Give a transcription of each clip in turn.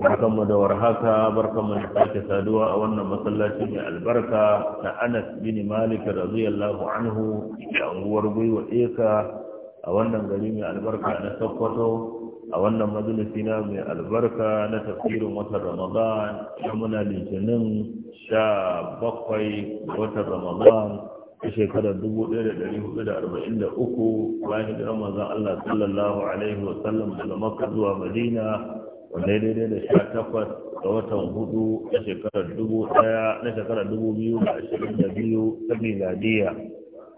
barkanmu da warhaka barkanmu da sake saduwa a wannan masallaci mai albarka na Anas bin Malik radiyallahu anhu da anguwar gwiwa eka a wannan gari mai albarka na Sokoto a wannan majalisi na mai albarka na tafsirin watan Ramadan ya muna litinin sha bakwai watan Ramadan a shekarar dubu da da da hudu arba'in uku bayan da manzon Allah sallallahu alaihi wa sallam daga Makka zuwa Madina wanda ya daidai da sha takwas da watan hudu na shekarar dubu daya na shekarar dubu biyu da ashirin da biyu ta miladiya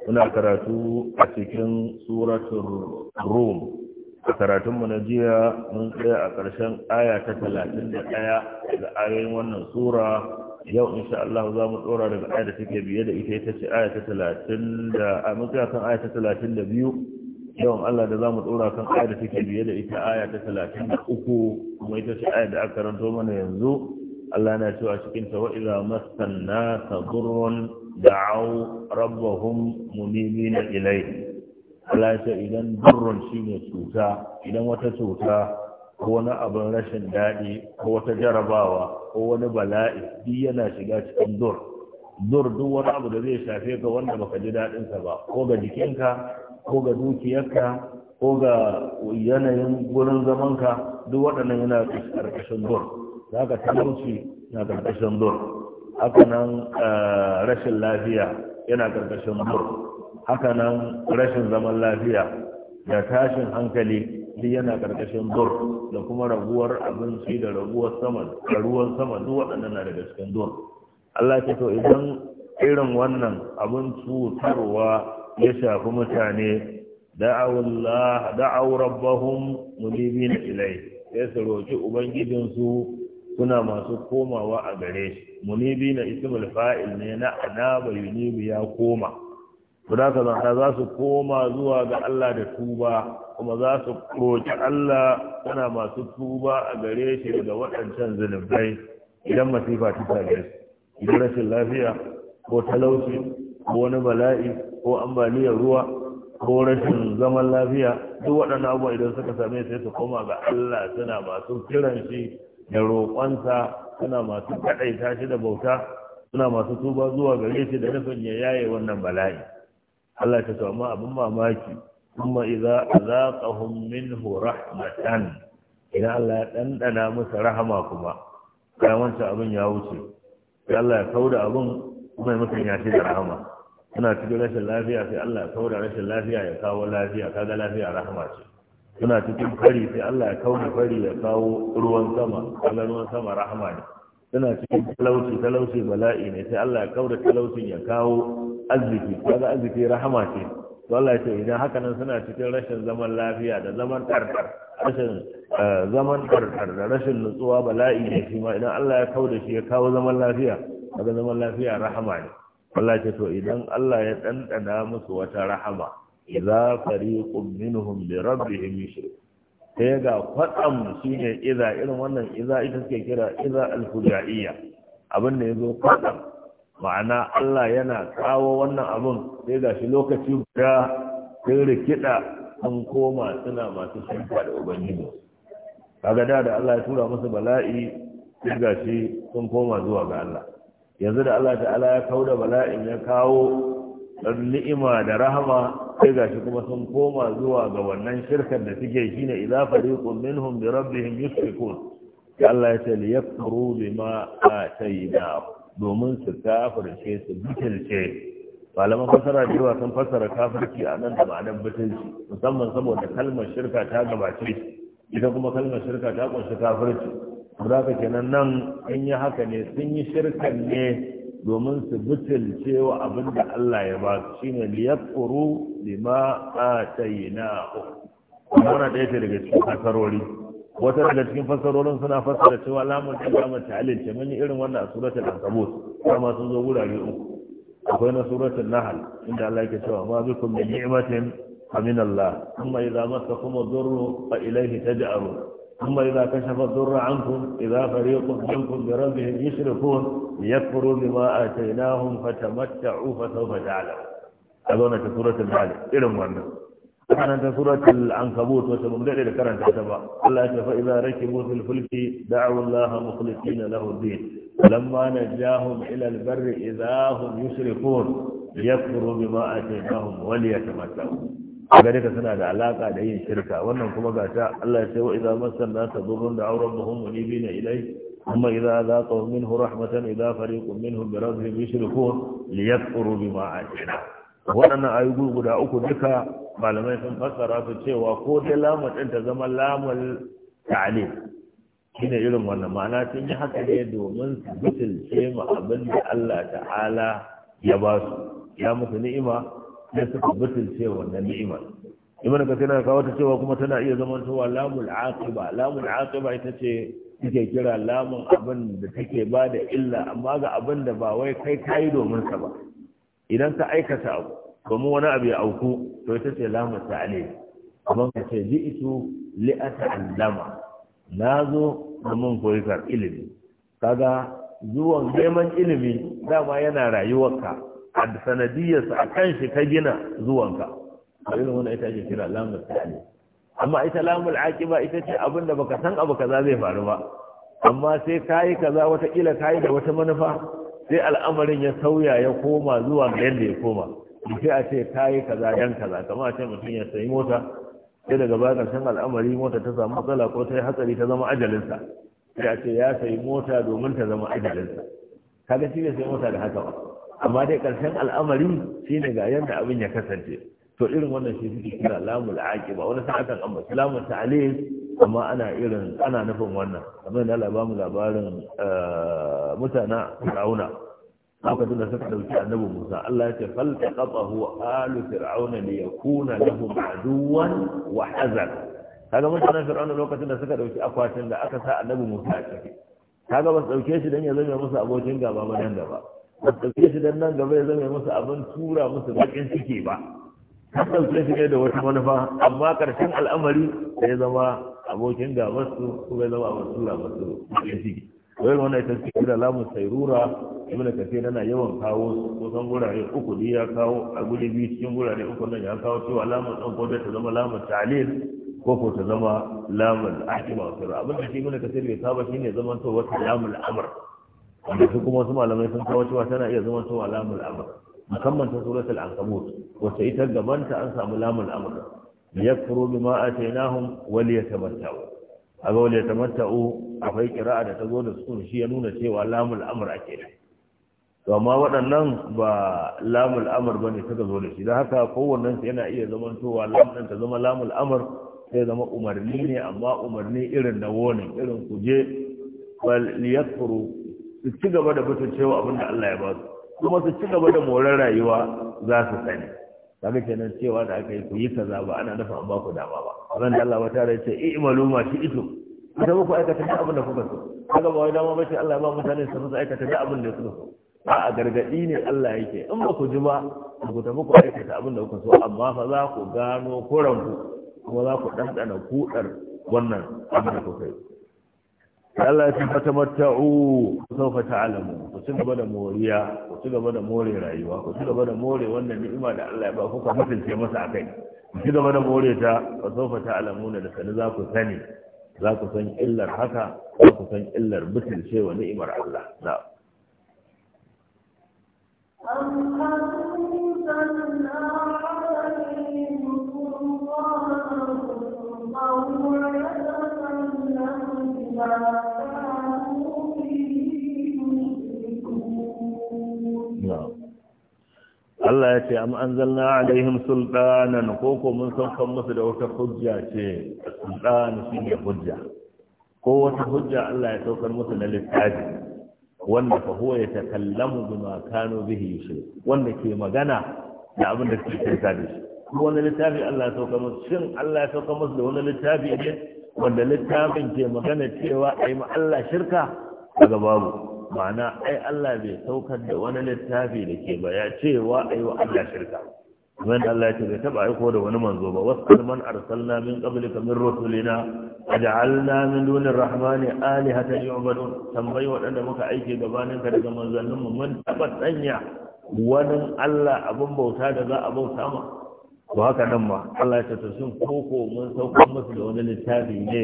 muna karatu a cikin suratun rum a karatunmu na jiya mun tsaya a ƙarshen aya ta talatin da ɗaya daga ayoyin wannan sura yau insha Allah za mu tsora daga aya da take biye da ita ita ce aya ta talatin da a mutu kan aya ta talatin da biyu yawan Allah da za mu tsora kan ayar da take biye da ita aya ta talatin da uku, kuma ita ce aya da aka karanto mana yanzu Allah na cewa cikin ta wa idza massanna sadrun da'u rabbahum na ilai Allah ya ce idan shi ne cuta idan wata cuta ko wani abin rashin daɗi ko wata jarabawa ko wani bala'i duk yana shiga cikin dur dur duk wani abu da zai shafe ka wanda baka ji daɗinsa ba ko ga jikinka ko ga dukiyarka ko ga yanayin gurin zamanka duk waɗannan yana ƙarƙashin dur za ka talauci na ƙarƙashin dur haka nan eh, rashin lafiya yana ƙarƙashin dur haka nan rashin zaman lafiya da tashin hankali duk yana ƙarƙashin dur da kuma raguwar abinci da raguwar sama da ruwan sama duk waɗannan na daga cikin dur Allah ce to idan irin wannan abin cutarwa ya shafi mutane da'awullah rabbahun rabbahum munibina ilai ya roki ubangijinsu suna masu komawa a gare shi munibina ismul fa'il ne na anaba yunibu ya koma to da kaza za su koma zuwa ga Allah da tuba kuma za su roki Allah suna masu tuba a gare shi daga waɗancan zunubai idan masifa ta gare su idan rashin lafiya ko talauci ko wani bala'i ko ambaliyar ruwa ko rashin zaman lafiya duk waɗannan abubuwa idan suka same sai su koma ga Allah suna masu kiran shi da roƙonsa suna masu kaɗaita shi da bauta suna masu tuba zuwa gare shi da nufin ya yaye wannan bala'i Allah ta ce amma abin mamaki kuma idza azaqahum minhu rahmatan idan Allah ya dandana musu rahama kuma bayan wancan abin ya wuce Allah ya kauda abin kuma mutum ya shi da rahama suna cikin rashin lafiya sai Allah ya kaura rashin lafiya ya kawo lafiya kaga lafiya rahama ce suna cikin fari sai Allah ya kaura fari ya kawo ruwan sama kaga ruwan sama rahama ne suna cikin talauci talauci bala'i ne sai Allah ya kaura talaucin ya kawo arziki kaga arziki rahama ce to Allah ya ce idan haka nan suna cikin rashin zaman lafiya da zaman tartar rashin eh, zaman tartar da rashin nutsuwa bala'i ne shi ma idan Allah ya kaura shi ya kawo zaman lafiya kaga zaman lafiya rahama ne Allah to idan Allah ya ɗanɗana musu wata rahama idza fariqun minhum rabbi rabbihim yushrik sai ga kwatsam shine iza irin wannan iza ita suke kira iza al abin da yazo kwatsam ma'ana Allah yana kawo wannan abun sai ga shi lokaci guda sai rikida an koma suna masu shirka da ubangiji kaga da da Allah ya tura musu bala'i sai ga shi sun koma zuwa ga Allah yanzu da Allah ta'ala ya kawo da bala'in ya kawo ni'ima da rahama sai gashi kuma sun koma zuwa ga wannan shirkar da suke shine idza fariqun minhum bi rabbihim yushrikun sai Allah ya ce liyakfuru bima ataina domin su kafirce su bitilce malaman fasara da yawa sun fasara kafirci a nan da ma'anar bitilci musamman saboda kalmar shirka ta gabace ita kuma kalmar shirka ta kunshi kafirci za ka kenan nan in yi haka ne sun yi shirkan ne domin su butulce wa abin da Allah ya ba su shi ne liyakuru lima a tayina wana ɗaya ce daga cikin fasarori wata daga cikin fasarorin suna fasara cewa lamun ta gama ta ce mun irin wannan a suratul ankabut kuma sun zo wurare uku akwai na suratul nahl inda Allah yake cewa ma bikum min ni'matin aminallah Allah amma idza masakum durru fa ilayhi taj'arun ثم إذا كشف الضر عنكم إذا فريق منكم بربهم يشركون ليكفروا بما آتيناهم فتمتعوا فسوف تعلمون أظن في سورة النحل إلى وأنه أنا سورة العنكبوت وسبب ذلك كانت تتبع الله فإذا ركبوا في الفلك دعوا الله مخلصين له الدين لما نجاهم إلى البر إذا هم يشركون ليكفروا بما آتيناهم وليتمتعوا Garika ka suna da alaka da yin shirka wannan kuma ga ta Allah ya ce wa idza masanna tadurrun da rabbahum munibina ilai amma idza zaqaw minhu rahmatan idza fariqun minhum bi rabbihim yushrikun liyakfuru bima atina waɗannan ayyuka guda uku duka malamai sun fassara su cewa ko da lamun ta zama lamul ta'lim shine irin wannan ma'ana sun yi haka ne domin su bitilce ma abin da Allah ta'ala ya ba su ya musu ni'ima da suka mutunce wannan ni'imar imanin ka na kawo ta cewa kuma tana iya zama cewa lamul aqiba lamul aqiba ita ce take kira lamun abin da take ba da illa amma ga abin da ba wai kai kai domin sa ba idan ka aikata abu kuma wani abu ya auku to ita ce lamun ta'ali amma ka ce ji ito li na zo domin koyi ilimi kaga zuwan neman ilimi dama yana rayuwarka a sanadiyarsa a kan shi ka gina zuwanka a irin wani ita ake kira lamar ta'ali amma ita lamul ba ita ce abin da baka san abu kaza zai faru ba amma sai kayi kaza watakila ka yi da wata manufa sai al'amarin ya sauya ya koma zuwa ga yadda ya koma sai a ce kayi kaza dan kaza kamar a ce mutum ya sayi mota sai daga baya karshen al'amari mota ta samu matsala ko ta yi hatsari ta zama ajalinsa sai a ce ya sayi mota domin ta zama ajalinsa kaga shi ne sai mota da haka ba amma dai ƙarshen al'amari shi ne ga yadda abin ya kasance to irin wannan shi suke kira lamul aqiba wani sa'a kan amma lamul ta'lil amma ana irin ana nufin wannan kamar da Allah ba mu labarin eh, mutana Fir'auna lokacin da suka dauki annabi Musa Allah ya ce faltaqahu alu fir'auna li yakuna lahum aduwan wa hazan kaga mutanen fir'auna lokacin da suka dauki akwatin da aka sa annabi Musa a ciki kaga ba su dauke shi dan ya zama musu abokin gaba ba nan gaba ba ɗauke shi don nan gaba ya zama masa abin tura musu bakin ciki ba kan ɗauke shi ne da wata manufa amma ƙarshen al'amari da ya zama abokin gabarsu ko ya zama abin tura masu bakin ciki wani wani ita ce kira lamun sairura ibn kafir yana yawan kawo kusan gurare uku ne ya kawo a guri biyu cikin gurare uku nan ya kawo cewa lamun ɗan ko ta zama lamun talil ko ko ta zama lamun ahkima wa sirra abin da shi ibn kafir bai saba shine zaman to wata lamun amr wanda su kuma wasu malamai sun kawo cewa tana iya zama to alamul amr musamman ta suratul ankabut wacce ita gaban gabanta an samu lamul amr yakfuru bima atainahum wal yatamatta'u ya wal yatamatta'u akwai qira'a da ta zo da sukun shi ya nuna cewa lamul amr ake da to amma waɗannan ba lamul ba ne ta zo da shi don haka kowannen yana iya zaman towa lam ta zama lamul amr sai zama umarni ne amma umarni irin na wonin irin kuje bal yakfuru su ci gaba da cewa abin da Allah ya ba su kuma su ci gaba da morar rayuwa za su sani kaga kenan cewa da aka yi ku yi kaza ba ana dafa an ba ku dama ba ran da Allah ba tare ce i maluma shi ito ita ku aikata da abin da kuka so kaga ba wai dama bace Allah ya ba mutane su su aikata da abin da suka so ba a gargadi ne Allah yake in ba ku ji ba ku tafi ku aikata abin da kuka so amma fa za ku gano kuranku kuma za ku ɗanɗana kuɗar wannan abin da kuka yi Allah ya tabbata mata'u sawfa ta'lamu ku ci gaba da moriya ku ci gaba da more rayuwa ku ci gaba da more wannan ni'ima da Allah ya ba ku ka mutunce masa akai ku ci gaba da more ta sawfa ta'lamuna da sani za ku sani za ku san illar haka za ku san illar mutunce wa ni'imar Allah na أم Allah ya ce am anzalna alaihim sultanan ko ko mun saukan masu da wata hujja ce sultan shi ne hujja ko wata hujja Allah ya saukar musu na littafi wanda fa huwa yatakallamu zuma kano bihi yushrik wanda ke magana da abin da suke tsaya shi ko wani littafi Allah ya saukar musu shin Allah ya saukar musu da wani littafi ne wanda littafin ke magana cewa a yi Allah shirka daga babu ma'ana ai Allah bai saukar da wani littafi da ke baya cewa a yi wa Allah shirka wanda Allah ya ce bai taɓa aiko da wani manzo ba wasu man arsalna min qablika min rusulina aj'alna min dunir rahmani alihatan yu'badun tambayi waɗanda muka aiki gabanin ka daga manzannin mu mun taɓa sanya wani Allah abin bauta da za a bauta ma ba haka nan ma Allah ya tafi sun koko mun sauko musu da wani littafi ne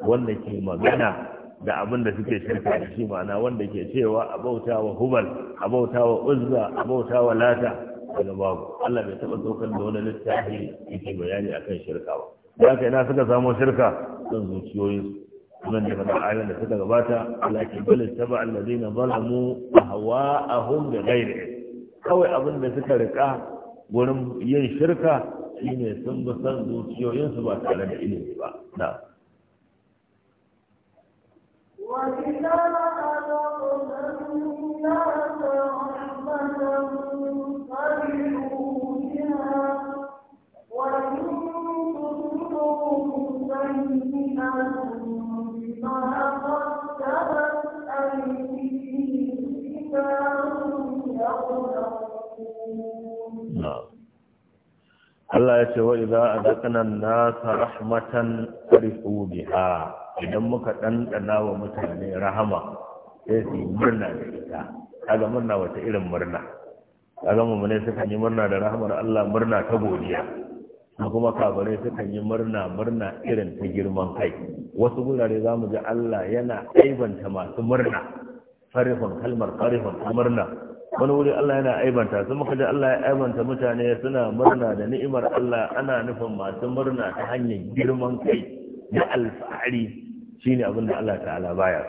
wanda ke magana da abin da suke shirka da shi ma'ana wanda ke cewa a bauta wa hubal a bauta wa uzza a bauta wa lata wani babu Allah bai taɓa saukar da wani littafi yake bayani akan shirka ba da kai na suka samo shirka da a zuciyoyinsu da suka gabata Allah غباتا bala بل اتبع a ظلموا اهواءهم da gairi kawai abin da suka rika wurin yin shirka shine sun bi san zuciyoyinsu ba tare da ilimi ba na وإذا أذقنا الناس رحمة فرحوا بها Allah ya ce za a a an-nasa rahmatan farihu biha idan muka ɗanɗana wa mutane rahama sai su murna da ita kaga murna wata irin murna kaga mu ne suka yi murna da rahamar Allah murna ta godiya kuma kabare suka yi murna murna irin ta girman kai wasu gurare mu ji Allah yana aibanta masu murna farihun kalmar farihun murna wani wuri Allah yana aibanta sun muka ji Allah ya aibanta mutane suna murna da ni'imar Allah ana nufin masu murna ta hanyar girman kai da alfahari shine abin da Allah ta'ala baya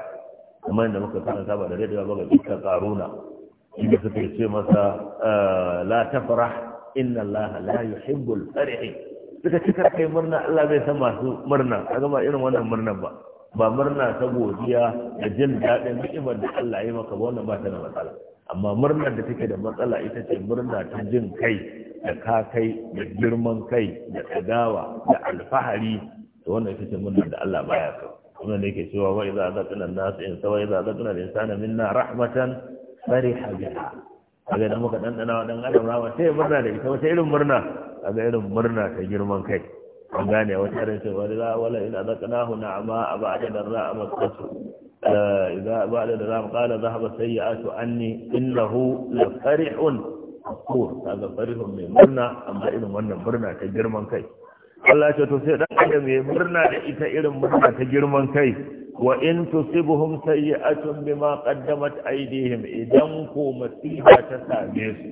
kamar yadda muka sanar saba da daidaiwa ba ga ita karuna inda suka ce masa ah, la tafrah inna Allah la yuhibbul farihin suka cika kai murna Allah bai san masu murna kaga ba irin wannan murnan ba ba murna ta godiya da jin daɗin ni'imar da Allah ya maka ba wannan ba ta da matsala amma murnar da take da matsala ita ce murna ta jin kai da kakai da girman kai da tsagawa da alfahari da wannan ita ce murnar da Allah baya so kuma da yake cewa wa idza zaqna an-nas in sawa idza zaqna al-insana minna rahmatan fariha biha kaga da muka dandana wa dan adam rawa sai murna da ita wata irin murna kaga irin murna ta girman kai an gane wata irin cewa wala ila zaqnahu na'ama aba'ada darra'a masu إذا بعد الإمام قال ذهب السيئات عني إنه لفرح مكور هذا فرح من مرنا أما إذن وانا مرنا كجرمان كي Allah ce to sai dan adam ya murna da ita irin murna ta girman kai wa in tusibuhum sayyi'atun bima qaddamat aydihim idan ko masifa ta same su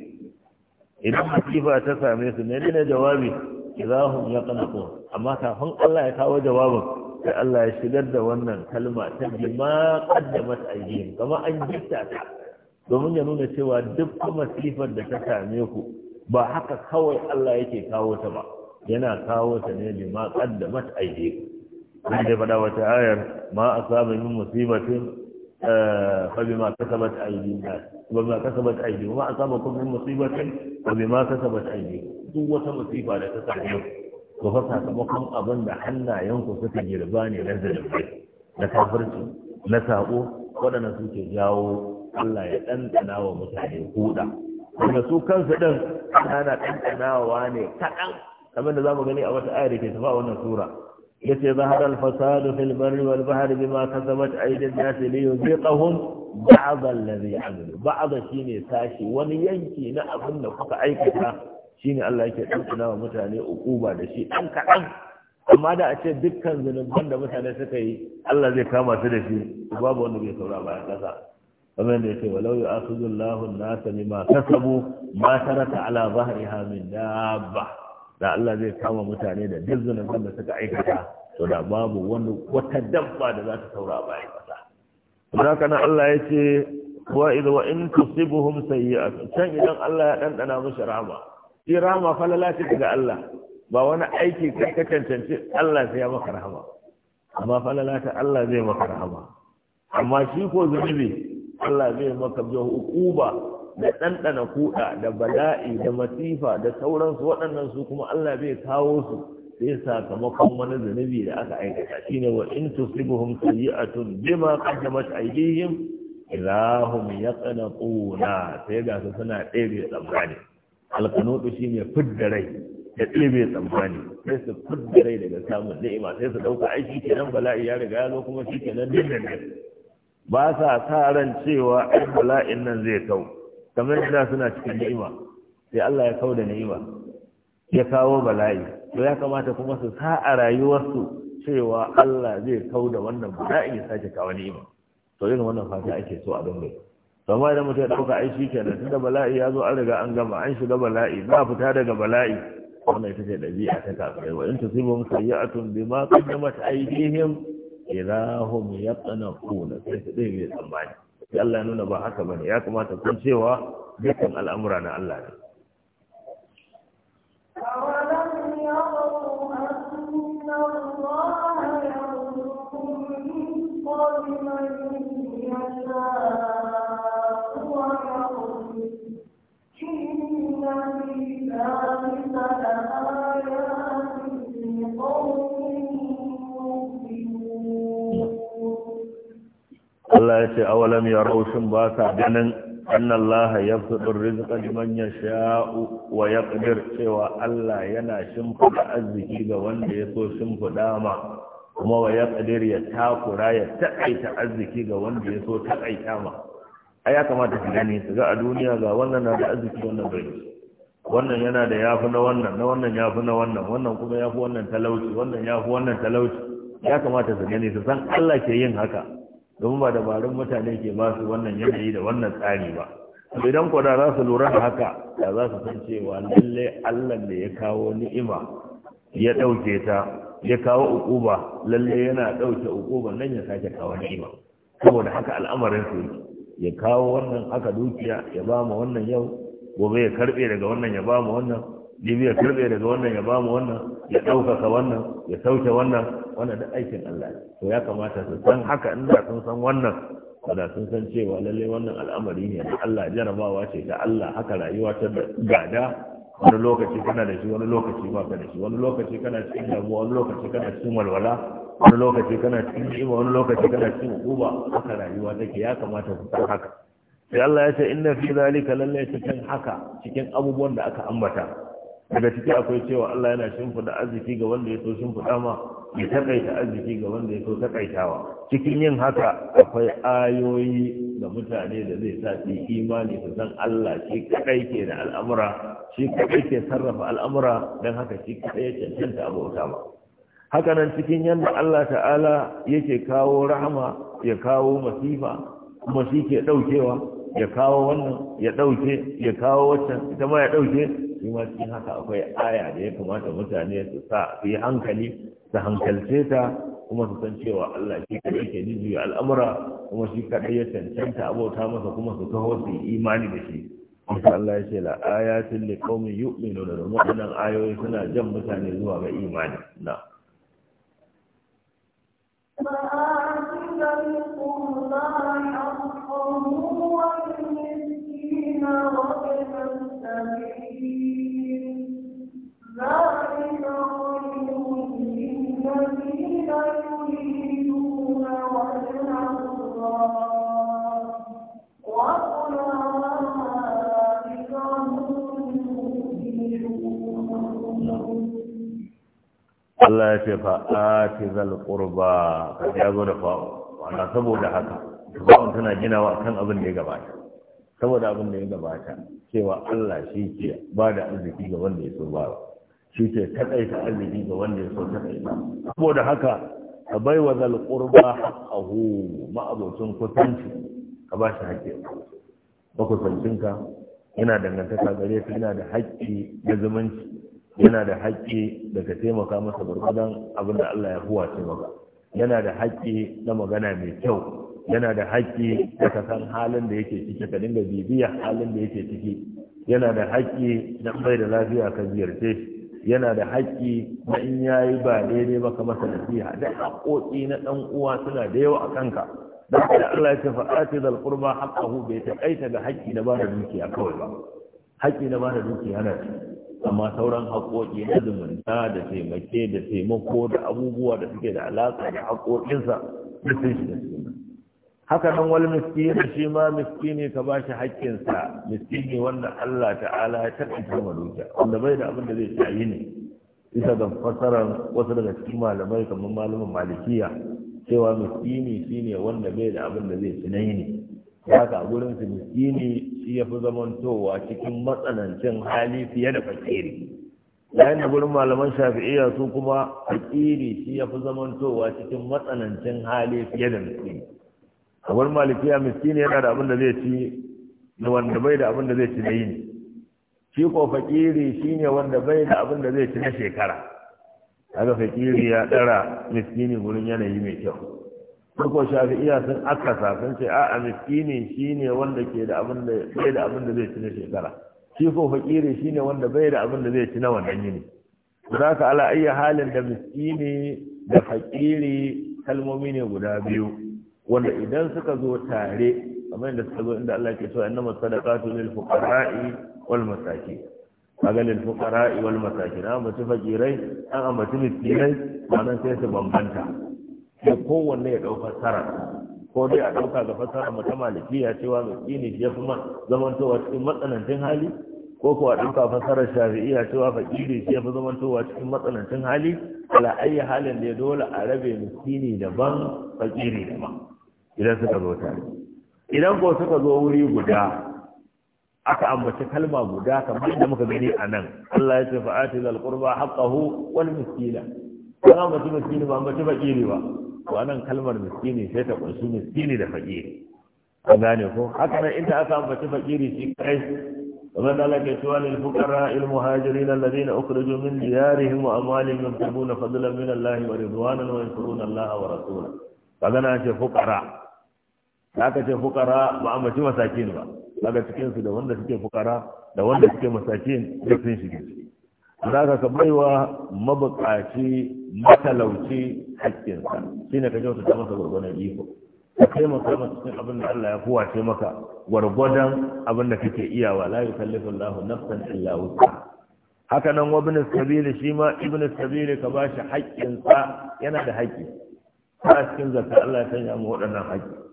idan masifa ta same su ne ne jawabi idahum yaqnaqun amma kafin Allah ya kawo jawabin sai Allah ya shigar da wannan kalma ta bima kaddamat aydihim kuma an gitta ta domin ya nuna cewa duk masifar da ta same ku ba haka kawai Allah yake kawo ta ba yana kawo ta ne bima kaddamat aydihim kun da fada wata ayar ma asaba min musibatin eh, fa bima kasabat aydihim wa bima kasabat aydihim ma asaba min musibatin fa bima kasabat aydihim duk wata musiba da ta same ku ku fa sakamakon abin da hannayenku suka girba ne na zulubai na kafirci na sako waɗanda suke jawo Allah ya ɗanɗana wa mutane kuɗa daga su kansu ɗin ana ɗanɗanawa ne kaɗan kamar da za mu gani a wata ayar da ke tafa wannan sura yace zahara al-fasadu fil barri wal bahri bima kasabat aydin nas li yuziqahum ba'd alladhi 'amilu shi shine sashi wani yanki na abin da kuka aikata shine Allah yake ɗaukuna wa mutane ba da shi ɗan kaɗan amma da a ce dukkan zunuban da mutane suka yi Allah zai kama su da shi babu wanda bai saura bayan ƙasa kamar yadda yake walau ya asuzu nasa bima kasabu ma taraka ala zahriha min dabba da Allah zai kama mutane da duk zunuban da suka aikata to da babu wani wata dabba da za ta saura bayan ƙasa. Haka nan Allah ya ce wa idza wa in tusibuhum sayyi'atun idan Allah ya dandana musu rahama shi rahama falala ce daga Allah ba wani aiki ka cancanci Allah sai ya maka rahama amma falala ta Allah zai maka rahama amma shi ko zunubi Allah zai maka biyo hukuba da ɗanɗana kuɗa da bala'i da masifa da sauransu waɗannan su kuma Allah zai kawo su sai sakamakon wani zunubi da aka aikata ne wa in tusibuhum sayyi'atun bima qaddamat aydihim ilahum yaqnaquna sai ga su suna ɗebe tsammani alkanutu shi ne fidda rai ya ɗebe tsammani sai su fidda rai daga samun ni'ima sai su ɗauka aiki kenan bala'i ya riga ya zo kuma shi kenan dinnan ne ba sa sa ran cewa ai bala'in nan zai kau kamar yadda suna cikin ni'ima sai Allah ya kau da ni'ima ya kawo bala'i to ya kamata kuma su sa a rayuwarsu cewa Allah zai kau da wannan bala'i ya sake kawo ni'ima to irin wannan fata ake so a dangane amma idan mutum ya ɗauka ai shi kenan da bala'i ya zo an riga an gama an shiga bala'i na fita daga bala'i wannan ita ce ɗabi'a ta kafai wa in tusibum ma bima qaddamat aydihim idahum yaqnaquna sai su dai mai tsammani sai Allah nuna ba haka bane ya kamata kun cewa dukkan al'amura na Allah ne Allah Allah ya ce walam ya raushin ba sa ganin an laha ya fi rizika liman ya sha'u wa ya ƙadir cewa Allah yana shimfiɗa arziki ga wanda ya so shimfiɗa ma kuma wa ya ƙadir ya takura ya taƙaita arziki ga wanda ya so taƙaita ma a ya kamata su gani su ga a duniya ga wannan na da arziki wannan bai wannan yana da ya fi na wannan na wannan ya fi na wannan wannan kuma ya fi wannan talauci wannan ya fi wannan talauci ya kamata su gani su san Allah ke yin haka domin ba dabarun mutane ke ba su wannan yanayi da wannan tsari ba idan ko da za su lura da haka da za su san cewa lalle Allah da ya kawo ni'ima ya dauke ta ya kawo ukuba lalle yana dauke ukuba nan ya sake kawo ni'ima saboda haka al'amarin su ya kawo wannan aka dukiya ya ba mu wannan yau gobe ya karbe daga wannan ya ba mu wannan jibi ya karbe daga wannan ya bamu wannan ya ɗaukaka wannan ya sauke wannan wannan duk aikin Allah to ya kamata su san haka in da sun san wannan da sun san cewa lalle wannan al'amari ne da Allah jarabawa ce da Allah haka rayuwa ta gada wani lokaci kana da shi wani lokaci ba ka da shi wani lokaci kana cikin damuwa wani lokaci kana cikin walwala wani lokaci kana cikin ni'ima wani lokaci kana cikin uba haka rayuwa take ya kamata ku san haka sai Allah ya ce inna fi zalika lalle cikin haka cikin abubuwan da aka ambata daga ciki akwai cewa Allah yana shimfida arziki ga wanda ya so shimfiɗa ma ya takaita arziki ga wanda ya so takaitawa cikin yin haka akwai ayoyi da mutane da zai sa su imani su san Allah shi kadai ke da al'amura shi kadai ke sarrafa al'amura dan haka shi kadai ya cancanta abota ba haka nan cikin yadda Allah ta'ala yake kawo rahama ya kawo masifa kuma shi ke ɗaukewa ya kawo wannan ya ɗauke ya kawo wancan ita ma ya ɗauke shi ma cikin haka akwai aya da ya kamata mutane su sa su yi hankali su hankalce ta kuma su san cewa Allah shi kaɗai ke jijiyo al'amura kuma shi kaɗai ya cancanta abota masa kuma su kawo su yi imani da shi Masha Allah ya ce la ayatin li qaumin yu'minuna da waɗannan ayoyi suna jan mutane zuwa ga imani na Thank you. Allah ya ce fa'ati zal qurba ya zo da fa'u wanda saboda haka fa'un tana ginawa kan abin da ya gabata saboda abin da ya gabata cewa Allah shi ke ba da arziki ga wanda ya so ba shi ke taɗaita arziki ga wanda ya so taɗaita saboda haka ka bai wa zalƙurba haƙahu ma'abocin kusanci ka ba shi haƙƙi makusancinka yana dangantaka gare ka yana da haƙƙi na zumunci yana da haƙƙi da ka taimaka masa barkudan, abin da Allah ya huwace maka yana da haƙƙi na magana mai kyau yana da haƙƙi da ka san halin da yake ciki ka dinga bibiya halin da yake ciki yana da haƙƙi na bai da lafiya ka ziyarce yana da haƙƙi na in yayi ba daidai ba ka masa nasiha da haƙoƙi na ɗan uwa suna da yawa a kanka da haka Allah ya ce fa ati zal qurba haqqahu bai taƙaita da haƙƙi na bada dukiya kawai ba haƙƙi na bada dukiya na amma sauran haƙoƙi na zumunta da taimake da taimako da abubuwa da suke da alaƙa da haƙoƙinsa da sun da cikin haka nan wal miskini shi ma miskini ka ba shi haƙƙinsa miskini wanda Allah ta'ala ya taƙaita duka, wanda bai da abin da zai shayi ne bisa ga fasarar wasu daga cikin malamai kamar malamin malikiya cewa miskini ne wanda bai da abin da zai ci ne, yini haka gurin su miskini shi ya fi zamantowa cikin matsanancin hali fiye da fakiri yayin da gurin malaman shafi'iyya su kuma fakiri shi ya fi zamantowa cikin matsanancin hali fiye da miskini kamar malikiya miskini yana da abinda da zai ci da wanda bai da abinda da zai ci na yini shi ko fakiri shine wanda bai da abinda da zai ci na shekara kaga fakiri ya dara miskini gurin yanayi mai kyau ko shafi'iya sun akasa sun ce a'a miskini shine wanda ke da abinda bai da abinda da zai ci na shekara shi ko fakiri shine wanda bai da abinda da zai ci na wannan yini za ka ala ayya halin da miskini da fakiri kalmomi ne guda biyu wanda idan suka zo tare kamar yadda suka zo inda Allah ke so annama sadaqatu lil fuqara'i wal masaki kaga lil fuqara'i wal masaki na ambaci fakirai an ambaci miskinai wannan sai su bambanta ko kowanne ya dauka sara ko dai a dauka ga fasara mata malikiya cewa miskini ya kuma zamantowa cikin matsanancin hali ko kuwa ɗauka shafi'i ya cewa fakiri shi ya fi zamantowa cikin matsanancin hali ala ayi halin da ya dole a rabe miskini daban fakiri daban idan suka zo tare idan ko suka zo wuri guda aka ambaci kalma guda kamar da muka gani a nan Allah ya ce fa ati zal qurba haqqahu wal miskina kan ambaci miskini ba ambaci fakiri ba to kalmar miskini sai ta kunshi miskini da fakiri an gane ko haka nan inda aka ambaci fakiri shi kai ومن لك سؤال الفقراء المهاجرين الذين أخرجوا من ديارهم وأموالهم يمتبون فضلا من الله ورضوانا وينصرون الله ورسوله فقنا فقراء da aka ce fukara ba a mace masakin ba daga cikinsu da wanda suke fukara da wanda suke masakin da sun shige ciki za ka ka baiwa mabukaci matalauci hakkinsa shi ne ka ta masa gwargwadon iko ka taimaka masa cikin abin da Allah ya kowace maka gwargwadon abin da kake iyawa la yukallifu Allahu nafsan illa wusa haka nan wa ibn sabili shi ma ibn sabili ka bashi haƙƙinsa yana da haƙƙi ta cikin zakka Allah ya sanya mu waɗannan haƙƙi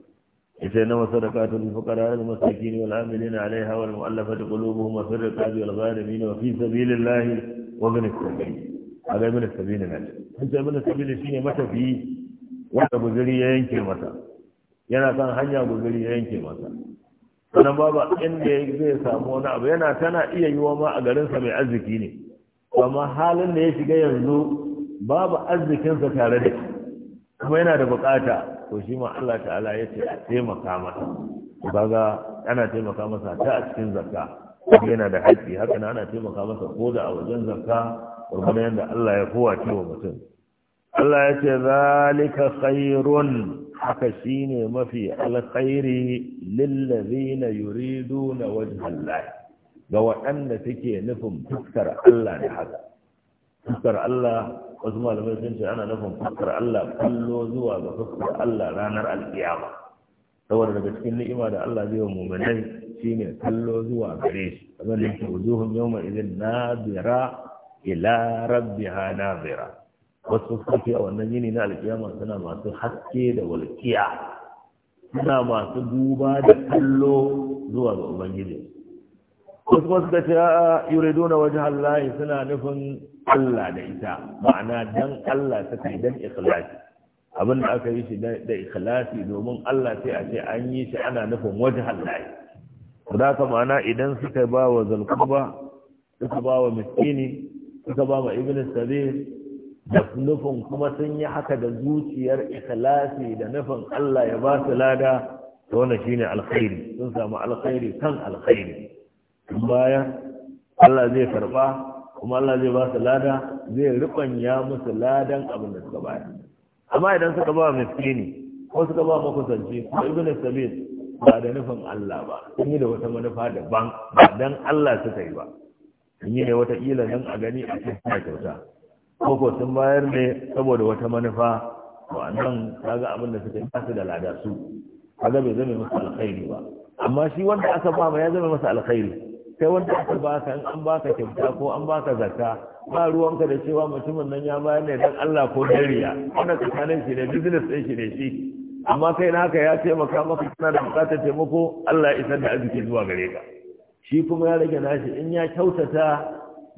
إذا na صدقات الفقراء المساكين والعاملين عليها والمؤلفة قلوبهم وفي الرقاب والغارمين وفي سبيل الله وابن السبيل هذا من السبيل نجد أنت من السبيل شيء متى فيه wanda guzuri ya yanke mata yana kan hanya guzuri ya yanke mata sannan babu inda zai samu wani abu yana tana iya yiwa ma a garinsa mai arziki ne amma halin da ya shiga yanzu babu arzikinsa tare da kuma yana da bukata to shi ma Allah ta'ala ya ce a taimaka masa kaga ana taimaka masa ta a cikin zakka yana da haƙƙi haka na ana taimaka masa ko da a wajen zakka gurgurda yadda Allah ya kowa wa mutum Allah ya ce zalika khairun haka shine mafi alkhairi lillazina yuriduna wajhallahi ga waɗanda suke nufin fuskar Allah da haka fuskar Allah wasu malamai sun ce ana nufin fuskar Allah kallo zuwa ga fuskar Allah ranar alkiyama saboda daga cikin ni'ima da Allah zai wa mu'minai shine kallo zuwa gare shi kamar da yake wujuhum yawma idhin nadira ila rabbiha nadira wasu fuskoki a wannan yini na alkiyama suna masu haske da walƙiya suna masu duba da kallo zuwa ga ubangiji wasu kuma suka ce a yurido na wajen Allah suna nufin Allah da ita ma'ana dan Allah ta yi dan ikhlasi abin da aka yi shi da ikhlasi domin Allah sai a ce an yi shi ana nufin wajen Allah da ka ma'ana idan suka ba wa zalkuba suka ba wa miskini suka ba wa ibn sabir da nufin kuma sun yi haka da zuciyar ikhlasi da nufin Allah ya ba su lada to wannan shine alkhairi sun samu alkhairi kan alkhairi baya Allah zai karba kuma Allah zai ba su lada zai rubanya musu ladan abin da suka bayar amma idan suka ba miskini ko suka ba makusanci ko ibn sabil ba da nufin Allah ba sun yi da wata manufa daban ba dan Allah suka yi ba sun yi da wata kila dan a gani a cikin kyauta ko sun bayar ne saboda wata manufa annan kaga abin da suka yi ba su da lada su kaga bai zama masa alkhairi ba amma shi wanda aka ba ma ya zama masa alkhairi kai wanda aka baka ka an ka kyauta ko an ka zakka ba ruwanka da cewa mutumin nan ya bayar ne don Allah ko dariya wanda wannan tsakanin shi ne business ɗin shi ne shi amma kai na haka ya taimaka maka kana da bukatar taimako Allah ya isar da arziki zuwa gare ka shi kuma ya rage nashi in ya kyautata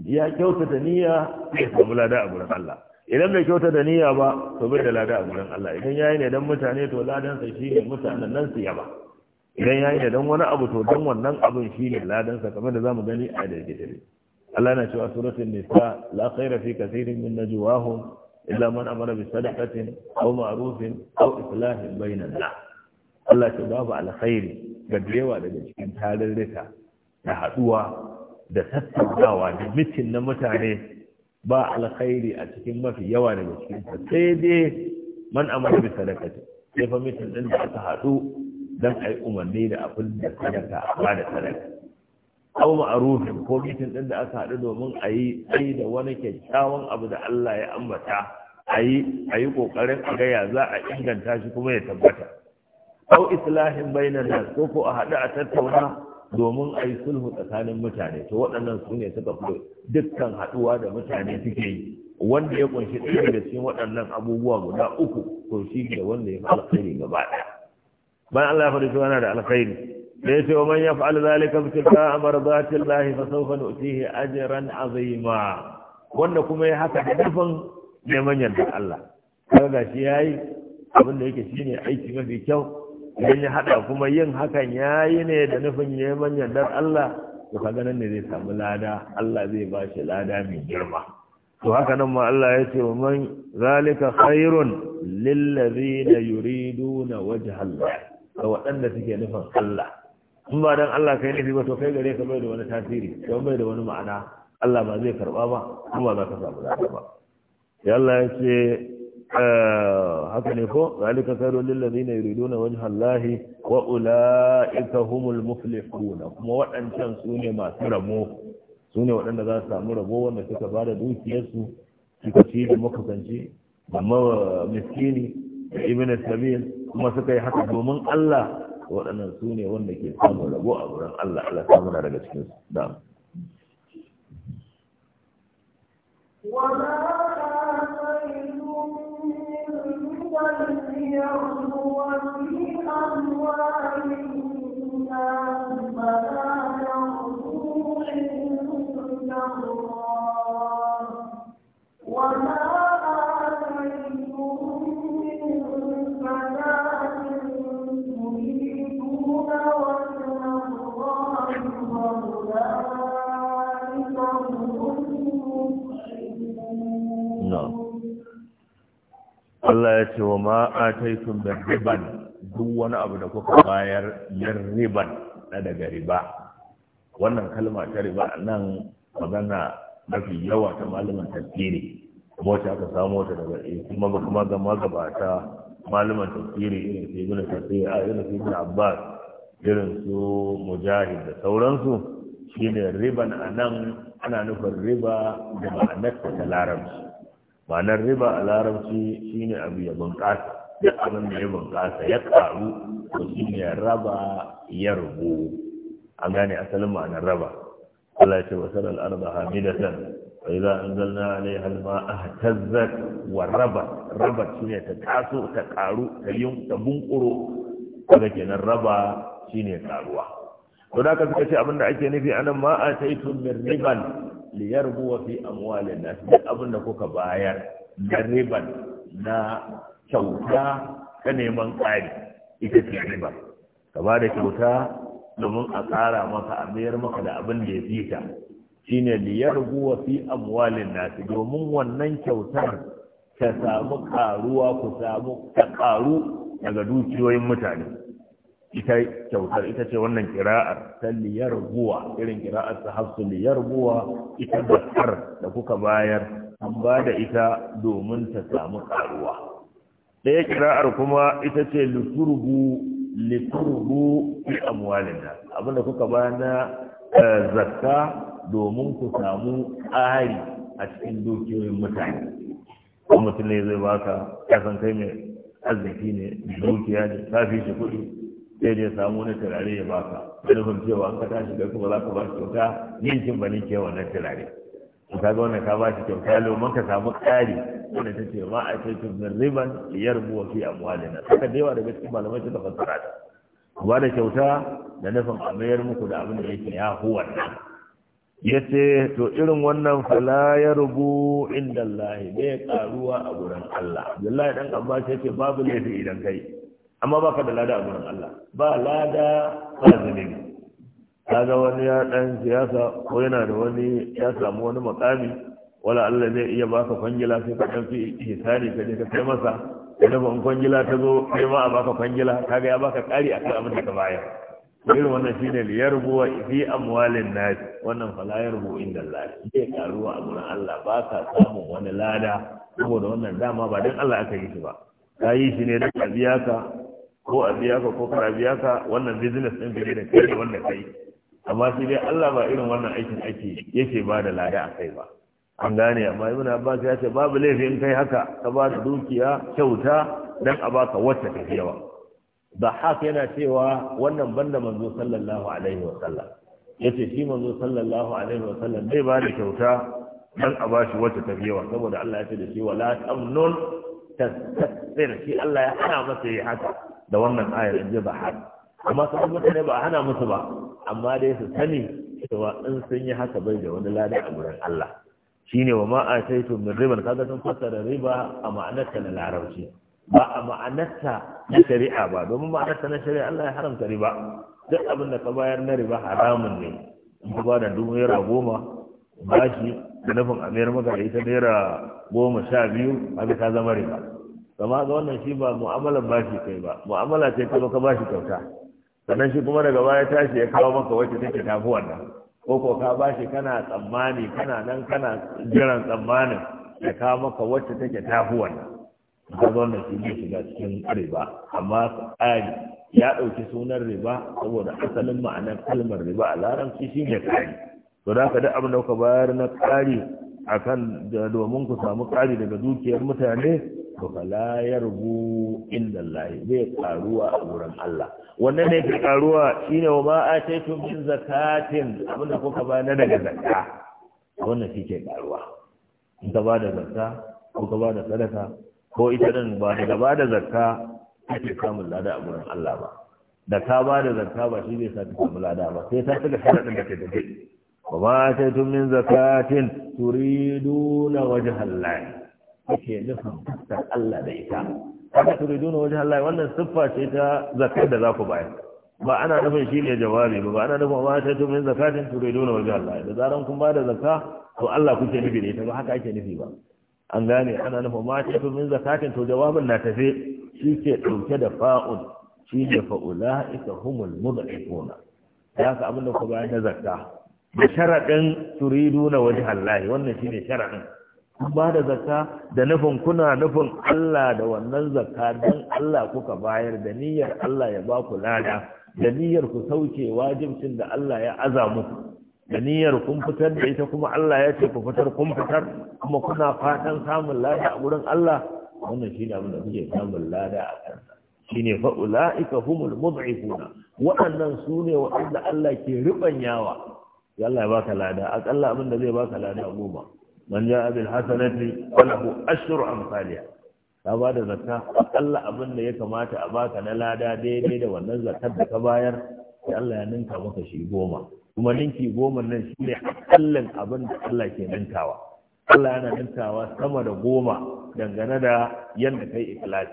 ya kyautata niyya ya samu lada a gurin Allah idan bai kyauta da niyya ba to bai da lada a gurin Allah idan yayi ne dan mutane to ladan sa shi ne mutanen nan su yaba idan ya yi da dan wani abu to dan wannan abin shi ne ladansa kamar da zamu gani a da gidare Allah na cewa suratul nisa la khayra fi kathirin min najwahum illa man amara bi sadaqatin aw ma'rufin aw islahin bainan nas Allah ce babu alkhairi ga dewa daga cikin tarurruka da haduwa da tattaunawa da mitin na mutane ba alkhairi a cikin mafi yawa daga cikin sai dai man amara bi sadaqatin sai fa mitin din da aka haɗu don a umarni da abin da sadaka a ba da sadaka abu ma'arufin ko mitin ɗin da aka haɗu domin a yi da wani kyakkyawan abu da Allah ya ambata a yi ƙoƙarin a gaya za a inganta shi kuma ya tabbata au islahin baina nan ko ko a haɗu a tattauna domin a yi sulhu tsakanin mutane to waɗannan su ne suka fi dukkan haɗuwa da mutane suke yi wanda ya ƙunshi ɗaya da cikin waɗannan abubuwa guda uku to shi da wanda ya fi alkhairi gaba ɗaya bayan Allah ya faɗi yana da alkhairi sai ce wa man yaf'al zalika ibtigaa lahi, fa sawfa nu'tihi ajran azima wanda kuma ya haka da nufin neman yarda Allah ga shi yayi abin da yake shine aiki mafi kyau idan ya haɗa kuma yin hakan yayi ne da nufin neman yardar Allah to kaga nan ne zai samu lada Allah zai ba shi lada mai girma to haka nan ma Allah ya ce man zalika khairun lil ladina yuriduna wajha Allah ga waɗanda suke nufin Allah in ba dan Allah kai nufi ba to kai gare ka bai da wani tasiri don bai da wani ma'ana Allah ba zai karɓa ba kuma za ka samu da ba Ya Allah ya ce eh, haka ne ko zalika khairu lil ladina yuriduna wajha Allah wa ulaika humul muflihun kuma waɗancan su ne masu rabo su ne waɗanda za su samu rabo wanda suka bada dukiyarsu suka ci da makusanci da miskini da ibn sabil kuma suka yi haka domin Allah waɗannan su ne wanda ke samun rabo a wurin Allah Allah samuna daga cikin su da وَمَا Allah ya ce wa ma ataitum min riban duk wani abu da kuka bayar na riban na daga riba wannan kalma ta riba nan magana mafi yawa ta malaman tafsiri wacce aka samo ta daga eh, kuma ba kuma ga magabata malaman tafsiri irin su ibn tafsir a irin su ibn abbas irin su mujahid da sauransu shine riban anan ana nufin riba da ma'anar ta larabci ma'anar riba a larabci shine abu ya bunƙasa duk abin da ya bunƙasa ya ƙaru ne ya raba ya rubu an gane asalin ma'anar raba Allah ya ce wa sanar arba hamidatan wa idza anzalna alaiha alma'a ihtazzat wa raba raba shi ne ta taso ta ƙaru ta ta bunkuro kaga kenan raba shi ne ƙaruwa to da ka suka ce abinda ake nufi anan ma a taitun min riban liyar buwa fi amwalin nasu duk abinda kuka bayar na riban na kyauta ta neman ƙari ita ce riban ka ba da kyauta domin a ƙara maka a mayar maka da abin da ya fi ta shi ne liyar buwa fi na su domin wannan kyautar ta samu ƙaruwa ku samu ta ƙaru daga dukiyoyin mutane ita kyautar ita ce wannan kira'ar ta liyar guwa irin kira'ar ta hafsu liyar guwa ita bakar da kuka bayar an ba da ita domin ta samu karuwa ɗaya kira'ar kuma ita ce liturgu liturgu fi amwalin da abinda kuka bayar na eh, zakka domin ku samu tsari a cikin dukiyoyin mutane ko mutum ne zai baka kasan kai mai arziki ne dukiya ne kafi shi kuɗi sai dai samu wani turare ya baka da kuma cewa an ka tashi da kuma za ka ba shi kyauta yin ba bani ke wannan turare ka ga wannan ka ba shi kyauta lomin ka samu ƙari wanda ta ce ma a ce tun riban liyar buwa fi amwalina da yawa daga cikin malamai suka fassara ta ku ba da kyauta da nufin a mayar muku da abin da yake ya hu wannan ya ce to irin wannan fala ya rubu inda Allah ne karuwa a gurin Allah Abdullahi dan Abbas ya ce babu laifi idan kai amma baka da lada a gurin Allah ba lada ba zunubi kaga wani ya dan siyasa ko yana da wani ya samu wani makami wala Allah zai iya baka kwangila sai ka dan fi hisari ka je ka kai masa idan ban kwangila ta zo kai ma a baka kwangila kaga ya baka kari akan abin da ka bayar irin wannan shine liyar wa fi amwalin nas wannan fa la yarbu inda Allah zai karuwa a gurin Allah ba ka samu wani lada saboda wannan dama ba dan Allah aka yi shi ba ka yi shi ne da ka ka ko a biya ka ko kar biya ka wannan business din gari da kai da wanda kai amma shi dai Allah ba irin wannan aikin ake yake ba da lada a kai ba an gane amma ibn Abbas ya ce babu laifin kai haka ka ba da dukiya kyauta dan a baka wacce ta yawa da haka yana cewa wannan banda manzo sallallahu alaihi wa sallam yace shi manzo sallallahu alaihi wa sallam bai ba da kyauta dan a bashi wacce ta yawa saboda Allah ya ce da shi wala tamnun tastakbir shi Allah ya hana masa yi haka da wannan ayar in ji ba har amma sauran mutane ba a hana musu ba amma dai su sani cewa in sun yi haka bai da wani lada a gurin Allah shine wa ma ataitu min riban kaga sun fassara riba a ma'anarta na larabci ba a ma'anarta na shari'a ba domin ma'anarta na shari'a Allah ya haramta riba duk abin da ka bayar na riba haramun ne in ka bada da dubu naira goma bashi da nufin a mayar maka ita naira goma sha biyu a ka zama riba kama ga wannan shi ba ba bashi kai ba mu'amala ce kuma ka bashi kyauta sannan shi kuma daga baya tashi ya kawo maka wacce take tafi wannan ko ko ka bashi kana tsammani kana nan kana jiran tsammanin ya kawo maka wacce take tafi wannan ka ga wannan shi ne shiga cikin riba amma tsari ya ɗauki sunan riba saboda asalin ma'anar kalmar riba a larabci shi ne ƙari to da ka duk abin da ka bayar na ƙari akan domin ku samu ƙari daga dukiyar mutane to fala yarbu inda Allah zai karuwa a wurin Allah wannan ne ke karuwa shine wa ma ataytum min zakatin abinda kuka ba na daga zakka wannan shi ke karuwa in ka ba da zakka ko ka ba da sadaka ko ita din ba da ba da zakka ake samun lada a wurin Allah ba da ka ba da zakka ba shi zai sa ka lada ba sai ta saka sharadin da ke tafi wa ma ataytum min zakatin turiduna wajha Allah ake nufin fuskar Allah da ita haka turiduna wajen Allah wannan siffa ce ta zakar da za ku bayar ba ana nufin shi ne jawabi ba ana nufin ma ta tumin zakatin turiduna wajen Allah da zaran kun ba da zakka to Allah kuke nufi da ita ba haka ake nufi ba an gane ana nufin ma ta tumin zakatin to jawabin na tafe shi ke ɗauke da fa'un shi ne fa'ula ita humul mudhifuna ya ka abin da ku bayar da zakka da sharaɗin turiduna wajen Allah wannan shi ne sharaɗin kun ba da zakka da nufin kuna nufin Allah da wannan zakka don Allah kuka bayar da niyyar Allah ya ba ku lada da niyyar ku sauke wajibcin da Allah ya aza muku da niyyar kun fitar da ita kuma Allah ya ce ku fitar kun fitar kuma kuna fatan samun lada a wurin Allah wannan shi ne abin da kuke samun lada a kan shi ne ulaika humul mud'ifuna waɗannan su ne waɗanda Allah ke ribanyawa Allah ya baka lada aƙalla abin da zai baka lada goma man ja'a bil hasanati falahu ashru amsalha ka ba da zakka akalla abin da ya kamata a baka na lada daidai da wannan zakkar da ka bayar sai Allah ya ninka maka shi goma kuma ninki goma nan shine ne akallan abin da Allah ke ninkawa Allah yana nintawa sama da goma dangane da yadda kai ikhlasi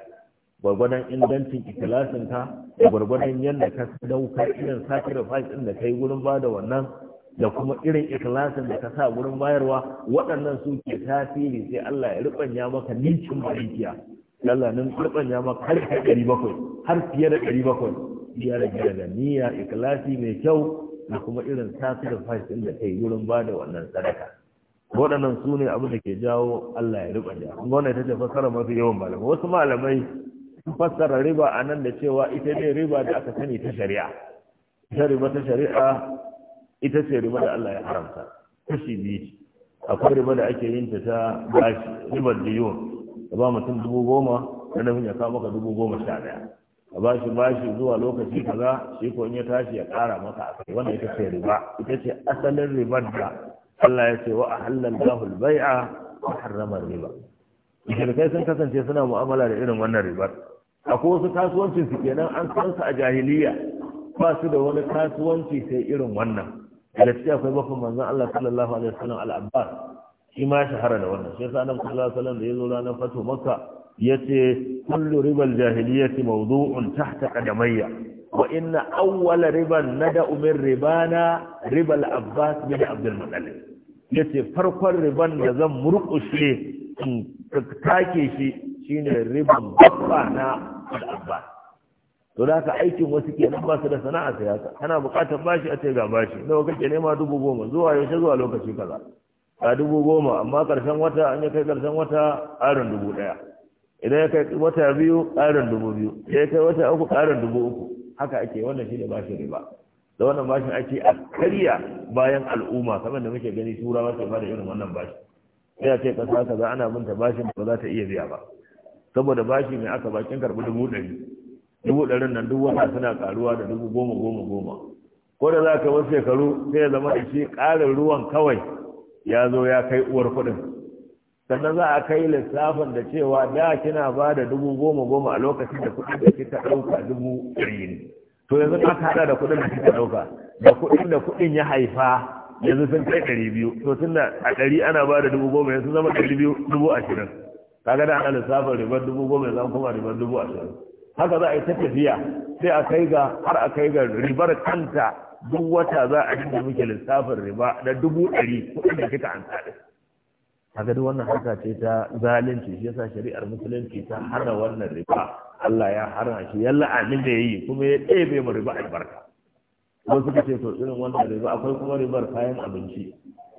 gwargwadon ingancin ikhlasin ka da gwargwadon yadda ka daukar irin sacrifice din da kai gurin ba da wannan da kuma irin ikilasin da ka sa wurin bayarwa waɗannan su ke tasiri sai Allah ya rubanya maka nicin barikiya Allah nan rubanya maka har kai ɗari bakwai har fiye da ɗari bakwai ya rage da niyya ikilasi mai kyau da kuma irin tasirin fashin da yi wurin ba da wannan sadaka waɗannan su ne abin da ke jawo Allah ya rubanya kuma wannan ita ce fassara mafi yawan malamai wasu malamai fassara riba a nan da cewa ita ne riba da aka sani ta shari'a ita riba ta shari'a ita ce riba da Allah ya haramta kashi biyu akwai riba da ake yin ta ta bashi ribar diyon da ba mutum dubu goma na nufin ya kawo maka dubu goma sha ɗaya a bashi bashi zuwa lokaci kaza shi ko in ya tashi ya kara maka akai wannan ita ce riba ita ce asalin ribar da Allah ya ce wa a lahu al-bai'a wa harrama riba shirkai sun kasance suna mu'amala da irin wannan ribar akwai wasu kasuwancin su kenan an san su a jahiliya ba su da wani kasuwanci sai irin wannan daga cikin akwai bakon manzon Allah sallallahu alaihi wasallam al-Abbas shi ma shahara da wannan sai annabi sallallahu alaihi wasallam da yazo ranar fatu makka yace kullu ribal jahiliyyati mawdu'un tahta qadamayya wa inna awwala riban nada'u min ribana ribar Abbas bin Abdul Muttalib yace farkon riban da zan murƙushe in take shi shine riban babba na al-Abbas to da haka aikin wasu ke nan ba su da sana'a sai haka kana buƙatar bashi a ce ga bashi nawa kake nema dubu goma zuwa yaushe zuwa lokaci kaza ga dubu goma amma ƙarshen wata an ya kai ƙarshen wata ƙarin dubu ɗaya idan ya kai wata biyu ƙarin dubu biyu ya kai wata uku ƙarin dubu uku haka ake wannan shi ne bashin riba da wannan bashin ake a karya bayan al'umma kamar da muke gani turawa ke ba da irin wannan bashi sai a ce ƙasa kaza ana binta bashin ba za ta iya biya ba saboda bashi ne aka bakin karɓi dubu ɗari dubu ɗarin nan duk wata suna karuwa da dubu goma goma goma ko da za ka wasu shekaru sai ya zama da shi ƙarin ruwan kawai ya zo ya kai uwar kuɗin sannan za a kai lissafin da cewa da kina ba da dubu goma goma a lokacin da kuɗin da kika ɗauka dubu ɗari ne to yanzu aka haɗa da kuɗin da kika ɗauka da kuɗin da kuɗin ya haifa yanzu sun kai ɗari biyu to tun da a ɗari ana ba da dubu goma yanzu zama ɗari biyu dubu ashirin kaga da ana lissafin ribar dubu goma yanzu an kuma ribar dubu ashirin haka za a yi ta tafiya sai a kai ga har a kai ga ribar kanta duk wata za a dinga muke lissafin riba na dubu ɗari kuɗin da kika an tsare a duk wannan haka ce ta zalunci shi yasa shari'ar musulunci ta hana wannan riba Allah ya hana shi ya la'anin da yi kuma ya ɗebe mu riba albarka wasu suka ce to irin wannan riba akwai kuma ribar kayan abinci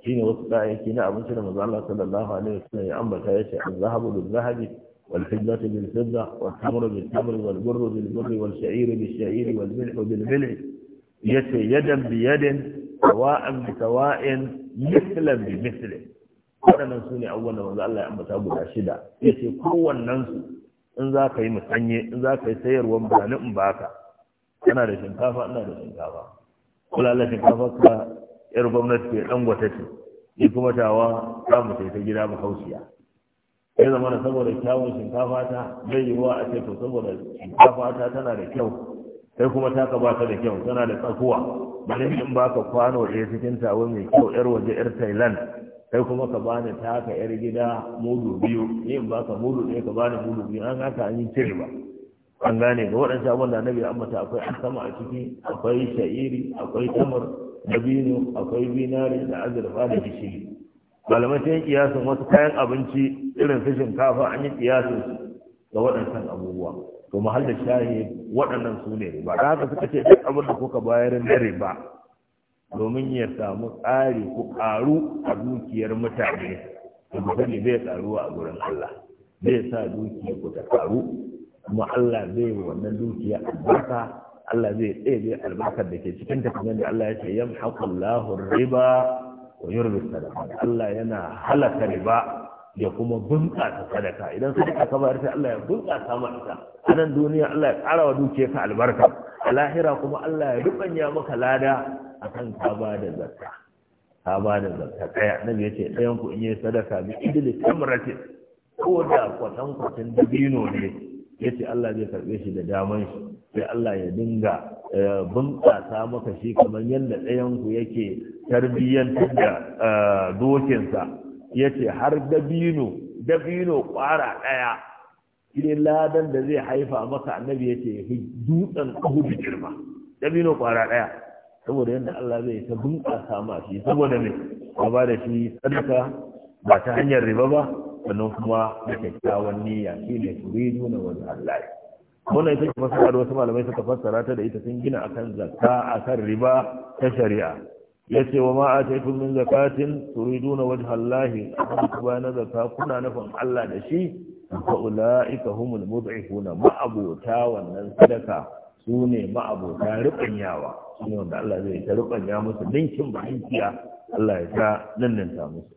shine wasu kayayyaki na abinci da manzo Allah sallallahu alaihi wasallam ya ambata yace an zahabu bil-zahabi والفضة بالفضة والتمر بالتمر والبر بالبر والشعير بالشعير والملح بالملح يدا بيد سواء بسواء مثلا بمثله waɗannan su ne abubuwan da manzo Allah ya ambata guda shida ya ce kowannen su in za ka yi musanye in za ka yi sayarwar birane in baka kana da shinkafa ina da shinkafa kula da shinkafa ka yar gwamnati ke dan gwata ce ni kuma tawa za mu ta gida mu hausiya ya zama da saboda kyawun shinkafa ta zai yi ruwa a ce to saboda shinkafa ta tana da kyau sai kuma taka ka bata da kyau tana da tsakuwa bari in baka kwano ɗaya cikin tawo mai kyau yar waje yar thailand sai kuma ka bani taka yar gida mudu biyu ni in baka mudu ɗaya ka bani mudu biyu an haka an yi cire ba an gane ga waɗansu abin da annabi ambata akwai sama a ciki akwai sha'iri akwai tamar dabino akwai binari da azurfa da gishiri malamai sun yi kiyasin wasu kayan abinci irin su shinkafa an yi kiyasin su ga waɗansan abubuwa to mahal da shahi waɗannan su ne riba da haka suka ce duk abin da kuka bayar na riba domin ya samu tsari ku ƙaru a dukiyar mutane da mutane zai ƙaruwa a gurin Allah zai sa dukiyar ku ta ƙaru kuma Allah zai yi wannan dukiya albarka Allah zai tsaye albarkar da ke cikin tafiyan da Allah ya ce yamhaqullahu riba wa yurbi sadaka Allah yana halaka riba ya kuma bunƙasa sadaka idan sadaka ka bayar sai Allah ya bunƙasa ma a nan duniya Allah ya ƙara wa ka albarka a lahira kuma Allah ya rubanya maka lada akan ka ba da zakka ka ba da zakka ɗaya annabi yace ce ɗayan ku in yi sadaka bi idil tamrati ko da kwatan-kwatan dabino ne yace Allah zai karɓe shi da daman shi sai Allah ya dinga Eh, bunƙasa maka shi kamar yadda ɗayanku yake tarbiyyantar da eh, dokinsa ya ce har dabino dabino ƙwara ɗaya shi ladan da zai haifa maka annabi ya ce dutsen ƙahudu girma dabino ƙwara ɗaya saboda yadda Allah zai ta bunƙasa ma shi saboda mai ba ba da shi sadaka ba ta hanyar riba ba sannan kuma da kyakkyawan niyya shi ne turidu na wani Allah wannan ita ce fassara da wasu malamai suka fassara ta da ita sun gina akan zakka kan riba ta shari'a ya ce wa ma yi min zakatin turiduna wajen Allah ba na zakka kuna nufin Allah da shi fa ulaika humul mud'ifuna ma'abota wannan sadaka su ne ma'abota ribanyawa su ne wanda Allah zai ta ribanya musu dinkin bahinkiya Allah ya ta nanninta musu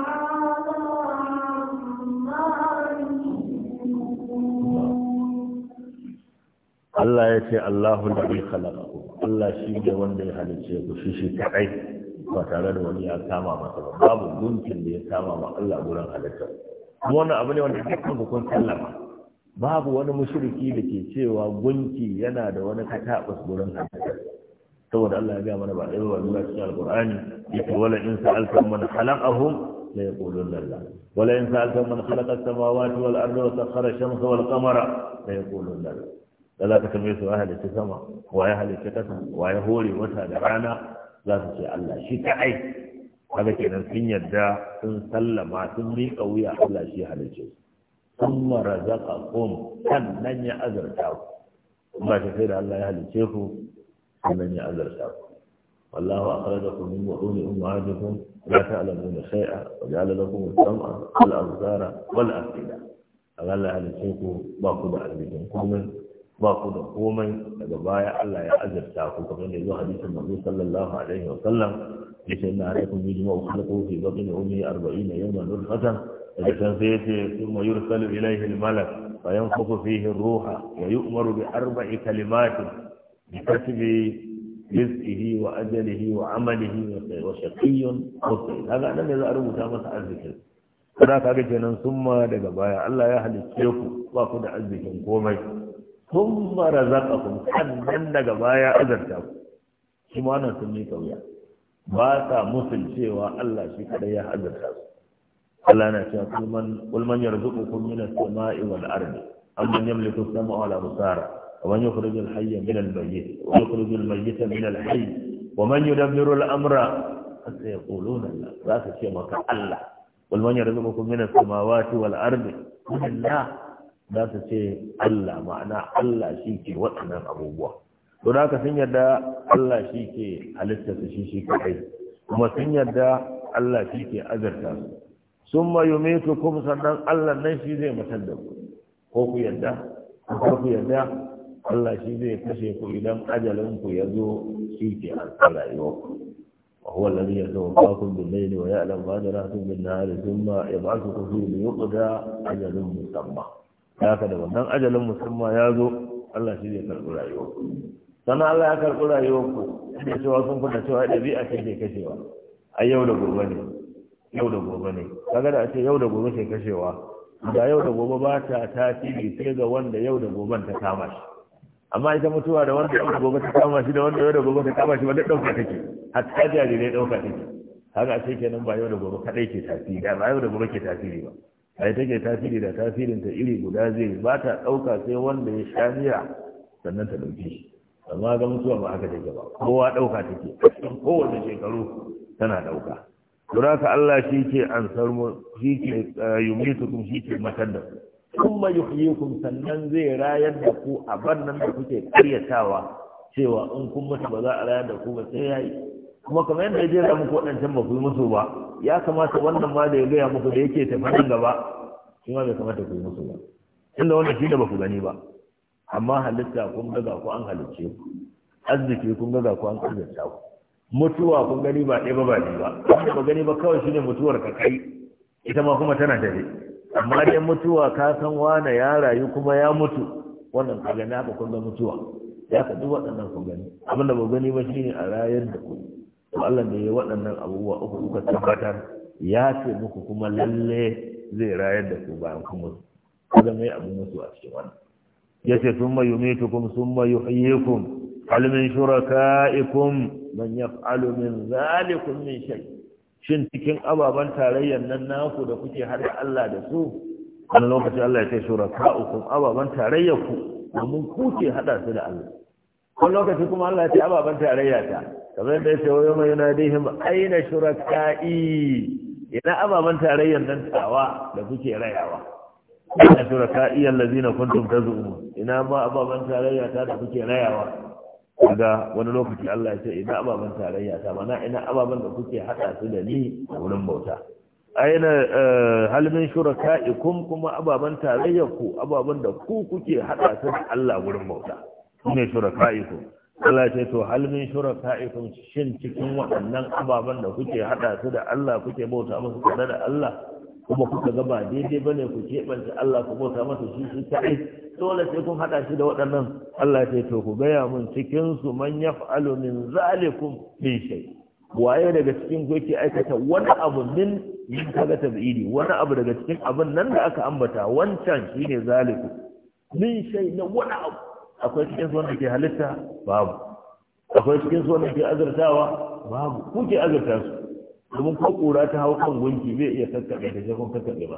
Allah ya ce Allahu ladhi khalaqakum Allah shi ne wanda ya halice ku shi shi kadai ba tare da wani ya kama masa ba babu gunkin da ya kama ma Allah gurin halitta wannan abu ne wanda dukkan ku kun sallama babu wani mushriki da ke cewa gunki yana da wani katabus gurin halitta saboda Allah ya ga mana ba ɗaya ba zuwa cikin alqur'ani yake wala in sa'altum man khalaqahum la yaqulun lillah wala in sa'altum man khalaqa as-samawati wal arda wa sakhara ash-shamsa wal qamara la yaqulun lillah da za ka tambaye su ya halicci sama wa ya halitta kasa wa ya hore wata da rana za su ce Allah shi ta ai haka kenan sun yarda sun sallama sun miƙa wuya Allah shi halicce sun marazaka kum kan nan ya azarta ku ba ta sai da Allah ya halicce ku nan ya azarta ku والله أخرجكم من بطون أمهاتكم لا تعلمون شيئا وجعل لكم السمع والأبصار والأفئدة أغلى على الشيخ باقوا da بكم قوما ba ku da komai daga baya Allah ya azurta ku kamar da zuwa hadisin manzo sallallahu alaihi wa sallam yace inna alaikum yujma'u khalqu fi batni ummi 40 yawman nutfatan da kan sai yace thumma yursalu ilayhi al-malak fa yanfukhu fihi ar-ruha wa yu'maru bi arba'i kalimatin bi kasbi rizqihi wa ajalihi wa amalihi wa shaqiyyun qutl haka nan ne za a rubuta masa arzikin kada kaga kenan summa daga baya Allah ya halicce ku ba ku da arzikin komai sun razaqahum sannan daga baya azarta ku shi ma wannan sun yi kauya? ba sa musul cewa Allah shi kadai ya azarta su Allah na cewa kulman kulman yarzuqukum min as-sama'i wal ardi amman yamliku as-sama'a wal absara wa man yukhrij al-hayya min al-mayyit wa yukhrij al-mayyita min al-hayy wa man yudabbiru al-amra sayaquluna Allah za su ce maka Allah kulman yarzuqukum min as-samawati wal ardi Allah za su ce Allah ma'ana Allah shi ke waɗannan abubuwa to da sun yarda Allah shi ke halitta su shi shi kaɗai kuma sun yarda Allah shi ke azarta su sun mayu metu kuma sannan Allah nan shi zai matar da ku ko ku yarda ko ku Allah shi zai kashe ku idan ajalin ku ya zo shi ke an yi وهو الذي يتوفاكم بالليل ويعلم ما جرحتم بالنهار ثم يبعثكم فيه ليقضى أجل مسمى haka da wannan ajalin musamman ya zo Allah shi zai karɓi rayuwa sannan Allah ya karɓi rayuwa ku da cewa sun da cewa ɗabi'a ce ke kashewa a yau da gobe ne yau da gobe ne kaga da a ce yau da gobe ke kashewa da yau da gobe ba ta tasiri sai ga wanda yau da gobe ta kama shi amma ita mutuwa da wanda yau da gobe ta kama shi da wanda yau da gobe ta kama shi ba take. ɗauka take hatta ne ɗauka take haka ce kenan ba yau da gobe kaɗai ke tasiri ba yau da gobe ke tasiri ba ai take tasiri da tasirin ta iri guda zai ba ta ɗauka sai wanda ya sha miya sannan ta ɗauki shi amma ga mutuwa ba haka take ba kowa ɗauka take a cikin kowane shekaru tana ɗauka duraka Allah shi ke ansar mu shi ke eh, yumitukum shi ke matar da ku kuma yuhyikum sannan zai rayar da ku a bannan da kuke karyatawa cewa in kun mutu ba za a rayar da ku ba sai yayi kuma kamar yadda ya jera muku waɗancan ba ku yi musu ba ya kamata wannan ma da ya gaya muku da yake tafi nan gaba shi ma bai kamata ku yi musu ba inda wannan shi da ba ku gani ba amma halitta kun ga ku an halicce ku arziki kun ga ku an arzikta ku mutuwa kun gani ba ɗaya ba ba ba wanda ba gani ba kawai shine mutuwar ka kai ita ma kuma tana tafe amma dai mutuwa ka san wane ya rayu kuma ya mutu wannan ka gani haka kun ga mutuwa ya ka duk waɗannan ku gani abinda da ba gani ba shine a rayar da ku to Allah ne ya waɗannan abubuwa uku uka tabbatar ya ce muku kuma lalle zai rayar da su bayan kuma kada mai abu musu a cikin wannan yace thumma yumitukum sun yuhyikum hal min shuraka'ikum man yaf'alu min zalikum min shay shin cikin ababan tarayyar nan naku da kuke har Allah da su wani lokacin Allah ya ce shuraka'ukum ababan tarayyar ku domin ku hada su da Allah wani lokaci kuma Allah ya ce ababan tarayya ta kamar da yake wayo mai him aina shuraka'i ina ababan tarayyan nan tawa da kuke rayawa ina shuraka'i allazina kuntum tazumun ina ma ababan tarayya ta da kuke rayawa daga wani lokaci Allah ya ce ina ababan tarayya ta mana ina ababan da kuke hada su da ni a wurin bauta aina eh, halmin shuraka'ikum kuma ababan ku, ababan da ku kuke hada su da Allah wurin bauta ne shuraka'ikum Allah ce to hal min shuraka'ikum shin cikin waɗannan ababan da kuke hada su da Allah kuke bauta musu tare da Allah kuma kuka ga ba daidai bane ku keɓance Allah ku bauta masa shi shi kai dole sai kun hada shi da waɗannan Allah ce to ku gaya mun cikin su man yaf'alu min zalikum min shay waye daga cikin ku yake aikata wani abu min min kaga tabidi wani abu daga cikin abin nan da aka ambata wancan shine zalikum min shay na wani abu akwai cikin su wanda ke halitta babu akwai cikin su wanda ke azurtawa babu ku ke azurta su domin ko kura ta hau kan gunki zai iya kakkaɓe da shakon kakkaɓe ba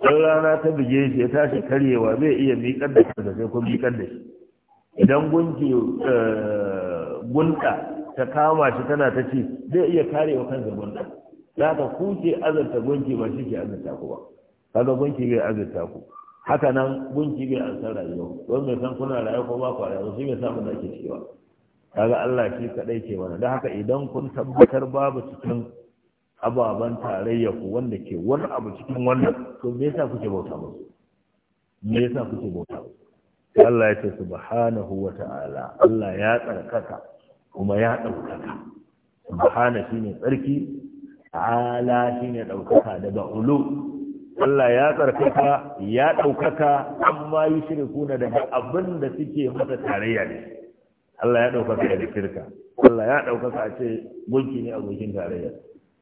ɗan rana ta buge shi ya tashi karyewa zai iya miƙar da kansa sai kun miƙar da shi idan gunki eh, gunta ta kama shi tana ta ce zai iya karewa kansa gunta za ka kuke azarta gunki ba shi ke azarta ku ba kaga gunki bai azarta ku haka nan gunki bai an san rayuwa don mai san kuna rayuwa ko ba ku rayuwa shi mai samu da ake cewa kaga Allah shi kadai ke wani, don haka idan kun tabbatar babu cikin ababen tarayya ku wanda ke wani abu cikin wannan to me yasa kuke bauta musu me yasa kuke bauta musu Allah ya ce subhanahu wa ta'ala Allah ya tsarkaka kuma ya ɗaukaka subhana shine tsarki ta'ala shine ɗaukaka daga ulu Allah ya tsarkaka ya ɗaukaka amma yi shirku daga abin da suke masa tarayya ne Allah ya ɗaukaka daga shirka Allah ya ɗaukaka a ce gunki ne abokin tarayya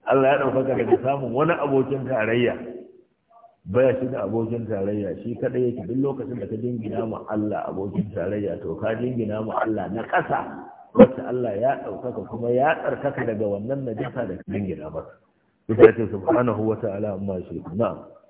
Allah ya ɗaukaka daga samun wani abokin tarayya baya shi da abokin tarayya shi kaɗai yake duk lokacin da ka jingina ma Allah abokin tarayya to ka jingina ma Allah na ƙasa wacce Allah ya ɗaukaka kuma ya tsarkaka daga wannan najasa da ka jingina masa. Ita ce subhanahu wa ta'ala amma shi na'am.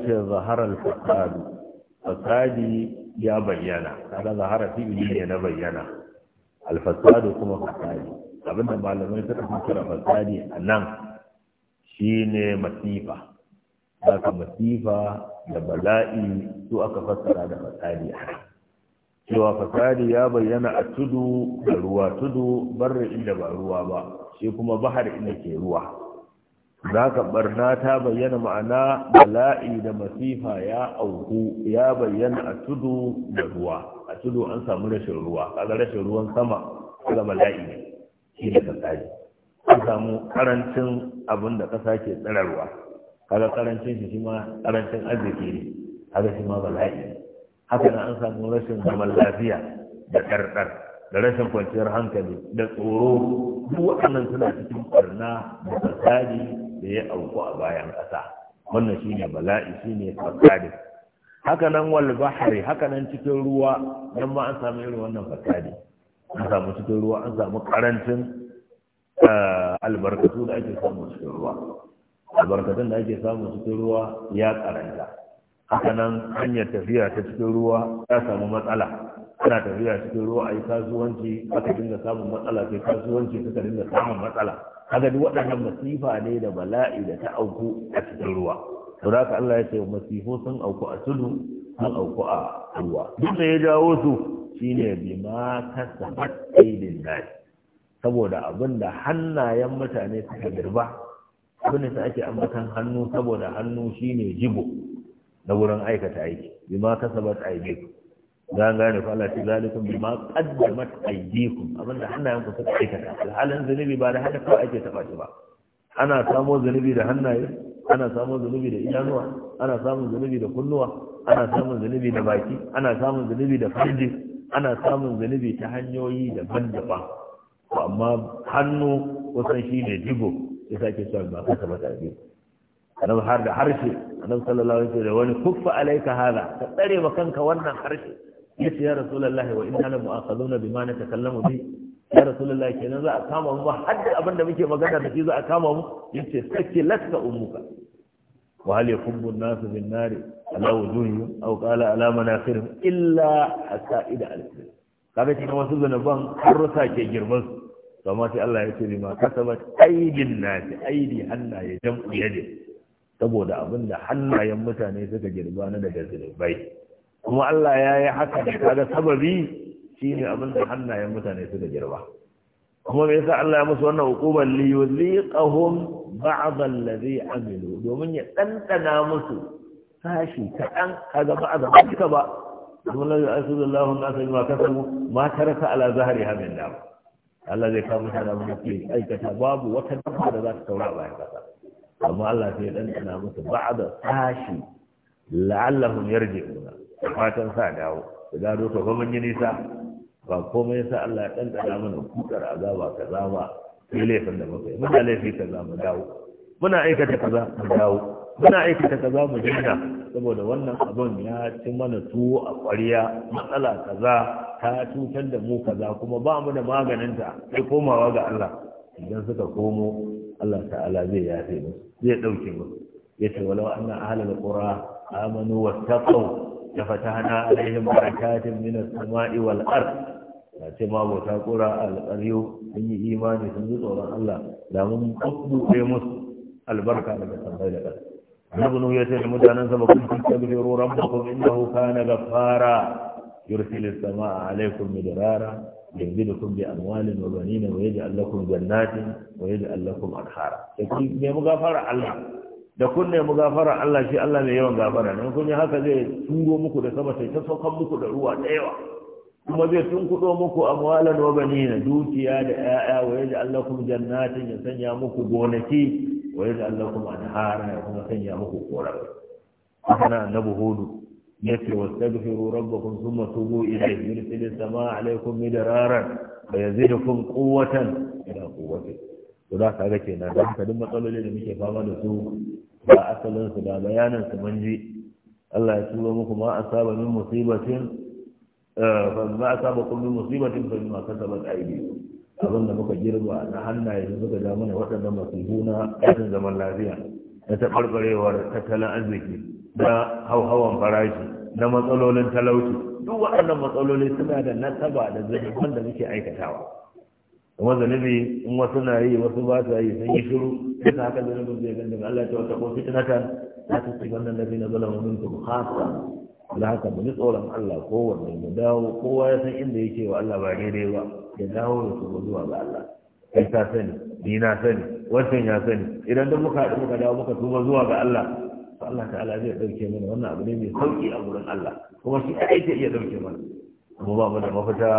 ce zaharar fasadu fasadi ya bayyana kada zahara fi'ili ne na bayyana alfasadu kuma fasadi abinda malamai suka fi kira fasadi a nan shi ne masifa haka masifa da bala'i su aka fasara da fasadi a nan cewa fasadi ya bayyana a tudu da ruwa tudu barra inda ba ruwa ba shi kuma bahar inda ke ruwa za ka barna ta bayyana ma'ana bala'i da masifa ya auku ya bayyana a tudu da ruwa a tudu an samu rashin ruwa kaga rashin ruwan sama kaga bala'i ne shi da kasari an samu karancin abin da kasa ke tsirarwa kaga karancin shi ma karancin arziki ne kaga shi ma bala'i haka nan an samu rashin zaman lafiya da ɗarɗar da rashin kwanciyar hankali da tsoro duk waɗannan suna cikin barna da fasadi da ya auku a bayan ƙasa wannan shi ne bala'i shine fasadi haka nan wal bahari haka nan cikin ruwa nan ma an samu irin wannan fasadi an samu cikin ruwa an samu karancin eh, albarkatu da ake samu cikin ruwa albarkatun da ake samu cikin ruwa ya karanta haka nan hanyar tafiya ta cikin ruwa ya samu matsala ana tafiya cikin ruwa a yi kasuwanci aka dinga samun matsala sai kasuwanci suka dinga samun matsala kaga duk waɗannan masifa ne da bala'i da ta auku a cikin ruwa to haka Allah ya ce masifu sun auku a tudu sun auku a ruwa duk da ya jawo su shine ma kasabat aidin saboda abin da hannayen mutane suka girba abin da ake ambatan hannu saboda hannu shine jibo na wurin aikata aiki bima kasabat aidikum Gangane za gane ku Allah ce zalikum bima qaddamat aydikum abinda hannayen ku suka aikata alhalin zunubi ba da haka kawai ake taba shi ba ana samo zunubi da hannaye ana samun zunubi da idanuwa ana samun zunubi da kunnuwa ana samun zunubi da baki ana samun zunubi da farji ana samun zunubi ta hanyoyi daban-daban amma hannu kusan shi ne jigo ya sake cewa ba ka taba tarbi annabi har da harshe annabi sallallahu alaihi wasallam wani kuffa alaika hada ka tsare ma kanka wannan harshe yace ya rasulullahi wa inna la mu'akhaduna bima natakallamu bi ya rasulullahi kenan za a kama mu har abin da muke magana da shi za a kama mu yace sake laska ummuka wa hal yakubbu an-nasu bin nari ala wujuhihim aw qala ala manakhirihim illa asaida al-kitab kaga cikin wasu zanaban har rusa ke girman su kama sai Allah ya ce bima kasabat aidin nasi aidi hannaye jam'u yade saboda abin da hannayen mutane suka girba na daga zulubai kuma Allah ya yi haka da kaga sababi shine abin da hannayen mutane su suka girba kuma me yasa Allah ya musu wannan hukuman li yuziqahum ba'd allazi amilu domin ya dandana musu sashi kadan kaga ba azaba kika ba kuma la yu'akhidullahu an ma kasabu ma taraka ala zahri hamin dam Allah zai kawo mutane mun ce aikata babu wata dafa da za ta saura bayan kasa amma Allah sai ya dandana musu ba'da sashi la'allahum yarji'una da fatan sa dawo da gano to fa mun nisa ba komai yasa Allah ya ɗanɗana mana kutar azaba kaza ba sai laifin da muka yi muna laifi kaza mu dawo muna aikata kaza mu dawo muna aikata kaza mu daina saboda wannan abun ya ci mana tuwo a ƙwariya matsala kaza ta cutar da mu kaza kuma ba mu da maganinta sai komawa ga Allah idan suka komo Allah ta'ala zai yafe musu zai ɗauke musu yace walau anna ahlul qura amanu wattaqu da hana alaihim barakatin min as-sama'i wal ard ya ce ma bauta kura alƙaryo sun yi imani sun yi tsoron Allah da mun kuɗuɗe musu albarka daga sammai da ƙasa annabinu ya ce da mutanen sa bakun kun tabiru rabbakum innahu kana ghaffara yursilu samaa alaykum midrara yumdidukum bi amwalin wa banina wa yaj'al lakum jannatin wa yaj'al lakum anhara sai kun nemi gafara Allah da kunne mu gafara Allah shi Allah mai yawan gafara ne kun yi haka zai tungo muku da sama sai ta saukan muku da ruwa da yawa kuma zai tunkudo muku amwalan wa banina dukiya da 'ya'ya wa Allah kuma jannatin ya sanya muku gonaki wa Allah kuma anhara ya kuma sanya muku korafi kana annabi hudu yace wastaghfiru rabbakum thumma tubu ilayhi yursilis samaa alaykum midraran wa yazidukum quwwatan ila quwwatikum to za ka ga kenan da haka duk matsaloli da muke fama da su ba asalin su ba bayanan su manji Allah ya tuba muku ma asaba min musibatin eh, fa ma asaba kullu musibatin fa ma kasabat aidi abin da muka girba na hannaye da suka ja mana waɗannan masu na ƙasar zaman lafiya na taɓarɓarewar tattalin arziki na hauhawan farashi na matsalolin talauci duk waɗannan matsaloli suna da nasaba da zai da muke aikatawa kuma zanubi in wasu na yi wasu ba su yi sun yi shiru duka haka zanubin zai ganda Allah ta wata ko fitnatan la tusibanna alladhina min minkum khassa da haka mu ji tsoron Allah kowanne mu dawo kowa ya san inda yake wa Allah ba daidai ba ya dawo da su zuwa ga Allah kai ta sani dina na sani wancan ya sani idan duk muka haɗu muka dawo muka tuba zuwa ga Allah to Allah ta'ala zai ɗauke mana wannan abu ne mai sauki a gurin Allah kuma shi kaɗai iya ɗauke mana kuma ba mu da mafita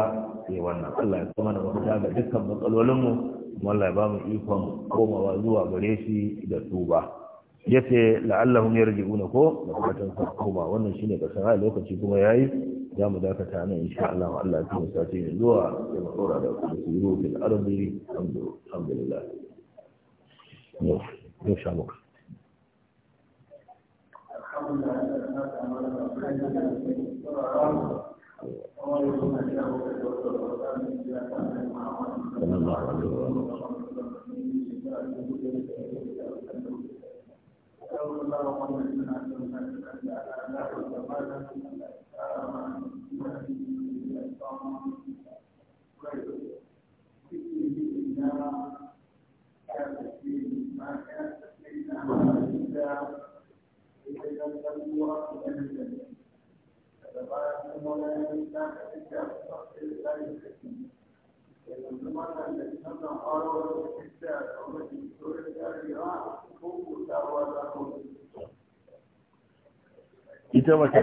sai wannan Allah ya kuma da mafita ga dukkan matsalolinmu wallah ba mu ikon komawa zuwa gare shi da tuba ya ce ya yarji'una ko da fatan su koma wannan shine kasan a lokaci kuma ya yi za mu dakata nan sha Allah Allah ya kuma sace ne zuwa ya matsora da kusuru fil ardi alhamdulillah yau yau sha muka Thank you. 可能那会儿就。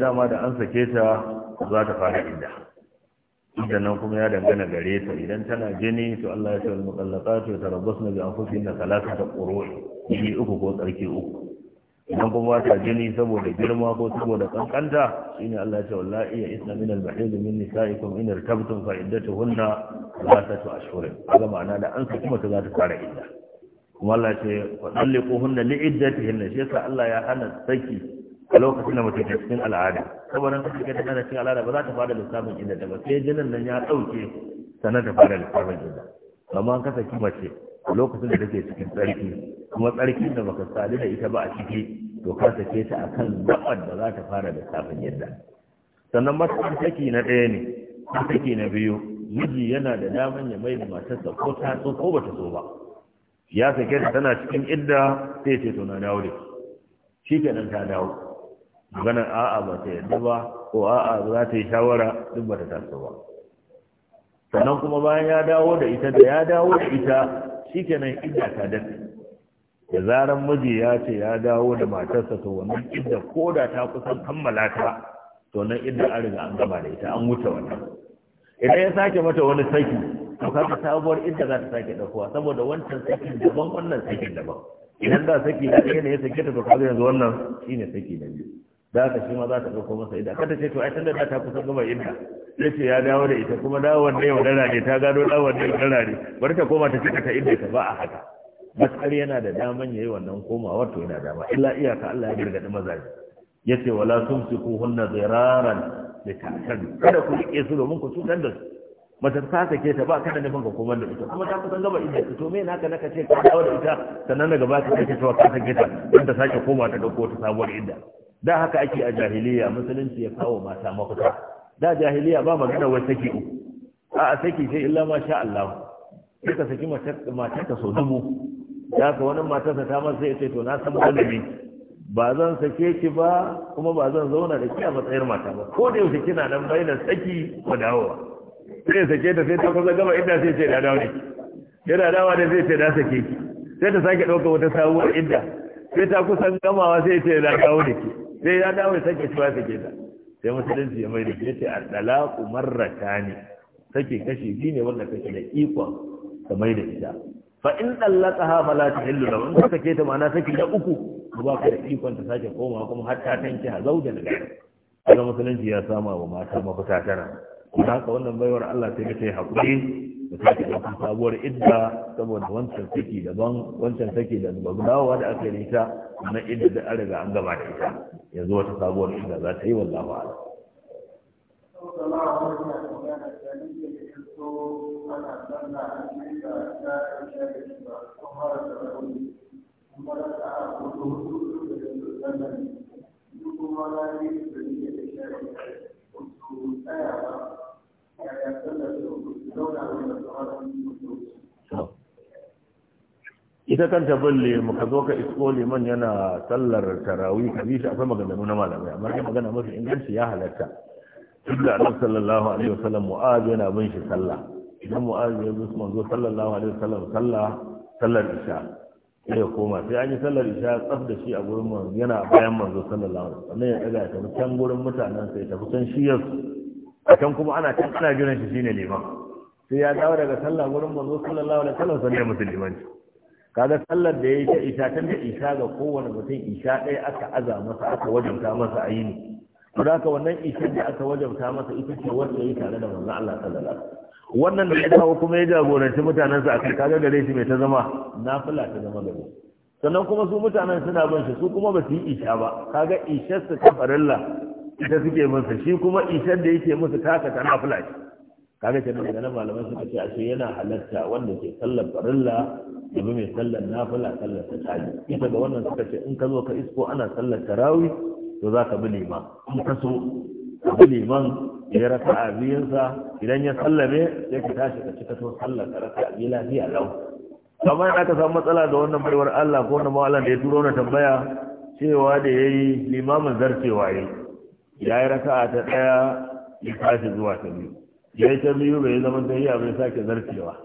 dama da an sake ta za ta fara idda idda nan kuma ya dangana gare ta idan tana gini to Allah ya ce wal muqallaqatu na bi anfusihinna thalathata qurun yi uku ko tsarki uku idan kuma ta gini saboda girma ko saboda kankanta shine Allah ya ce wallahi ya isna min al bahid min nisaikum in irtabtum fa iddatuhunna thalathatu ashhurin kaga ma'ana da an sake mata za ta fara idda kuma Allah ya ce wa dalliquhunna li iddatihinna shi yasa Allah ya hana saki a lokacin da mutum ke cikin al'ada saboda ka shiga tana da cikin al'ada ba za ta fara lissafin inda ta ba sai jinin nan ya ɗauke sanar da fara lissafin inda amma an kasa mace a lokacin da take cikin tsarki kuma tsarki da baka sadu da ita ba a ciki to ka sake ta akan gabar da za ta fara lissafin yadda sannan matsayin saki na ɗaya ne saki na biyu miji yana da daman ya mai da matarsa ko ta so ko bata so ba ya sake ta tana cikin idda sai ce to na dawo da shi kenan ta dawo maganar a'a ba ta yadda ba ko a'a za ta yi shawara duk ba ta taso ba sannan kuma bayan ya dawo da ita da ya dawo da ita shikenan inda ta dace da zaran miji ya ce ya dawo da matarsa to wannan inda ko da ta kusan kammala ta to nan inda an riga an gama da ita an wuce wannan idan ya sake mata wani saki to kaga sabuwar inda za ta sake dakuwa saboda wancan sakin daban wannan sakin daban idan da saki da ɗaya ne ya sake ta to kaga yanzu wannan shine saki na biyu da aka shi ma za ta ɗauko masa ida kada ce to ai tunda ta kusa gama inda ya ce ya dawo da ita kuma dawon ne yaudara ne ta gano dawon ne yaudara ne bari ta koma ta ce ta inda ta ba a haka matsar yana da daman ya yi wannan koma to yana dama illa iyaka Allah ya gargaɗi mazaji ya ce wala sun su ku hunna ziraran da ta'asadu kada ku riƙe su domin ku cutar da su mace ta sake ta ba kada nufin ka koma da ita kuma ta kusan gama inda to me naka naka ce ka dawo da ita sannan daga ba ta sake ta ka sake ta don ta sake koma ta ɗauko ta sabuwar inda da haka ake a jahiliya musulunci ya kawo mata mafita da jahiliya ba magana wai saki uku a a saki sai illa ma sha Allah sai ka saki mata ka so dubu da ka wani matarsa ta masa sai ce to na san malami ba zan sake ki ba kuma ba zan zauna da ki a matsayin mata ba ko da yaushe kina nan bayyana saki ko dawowa sai sake ta sai ta kusa gaba inda sai ce da dawo ne yana dawa da zai ce da sake ki sai ta sake ɗauka wata sabuwar inda sai ta kusan gamawa sai ce da dawo ne sai ya dawo ya sake cewa sake ta sai musulunci ya mai da ke ce al-dalaqu marratani sake kashi shi ne wanda kake da ikon ka mai da ita fa in dallaqaha fala tahillu lahu in ka sake ta ma'ana sake da uku ba ka da ikon ta sake komawa kuma har ta tanki ha zaujan da kaga musulunci ya sama wa mata mafita tana kuma haka wannan baiwar Allah sai kace hakuri da sake ɗaukar sabuwar idda saboda wancan saki daban wancan saki da dawowa da aka yi ta na inda da an riga an gabata ita yanzu wata sabuwar inda za ta yi wallahu ala Thank you. ita kanta balle mu ka zo ka isko liman yana sallar tarawih ka bi shi akwai maganganu na malamai amma kai magana mafi inganci ya halatta duk da annabi sallallahu alaihi wasallam mu'az yana bin shi sallah idan mu'az ya zo manzo sallallahu alaihi wasallam sallah sallar isha sai ya koma sai an yi sallar isha tsaf da shi a gurin mu yana bayan manzo sallallahu alaihi wasallam ya daga ta can gurin mutanen sai ta shi shiyar a can kuma ana can ana jiran shi shine liman sai ya dawo daga sallah gurin manzo sallallahu alaihi wasallam sai ya musulmanci kaga sallar da ya yi ta ta da isa ga kowane mutum isa ɗaya aka aza masa aka wajabta masa a yi ne to da wannan isa da aka wajabta masa ita ce wacce ya yi tare da manzo Allah sallallahu alaihi wasallam wannan da ya kawo kuma ya jagoranci mutanensa a kai kaga gare shi mai ta zama nafila ta zama gare sannan kuma su mutanen suna bin shi su kuma ba su yi isha ba kaga ishar su ta farilla ita suke masa, shi kuma ishar da yake musu taka ta nafila ce kaga kenan daga nan malamai suka ce ashe yana halatta wanda ke sallar farilla da mai sallar nafila sallar ta taji ita ga wannan suka ce in ka zo ka isko ana sallar tarawi to za ka bi neman in ka so ka bi liman ya raka a biyunsa idan ya sallame sai ka tashi ka cika to sallar ka raka a biyu lafiya lau kamar aka samu matsala da wannan baiwar Allah ko wannan mawalan da ya turo na tambaya cewa da ya yi limamin zarcewa ya yi ya yi raka'a ta ɗaya ya tashi zuwa ta biyu ya yi ta biyu bai zama ta iya bai sake zarcewa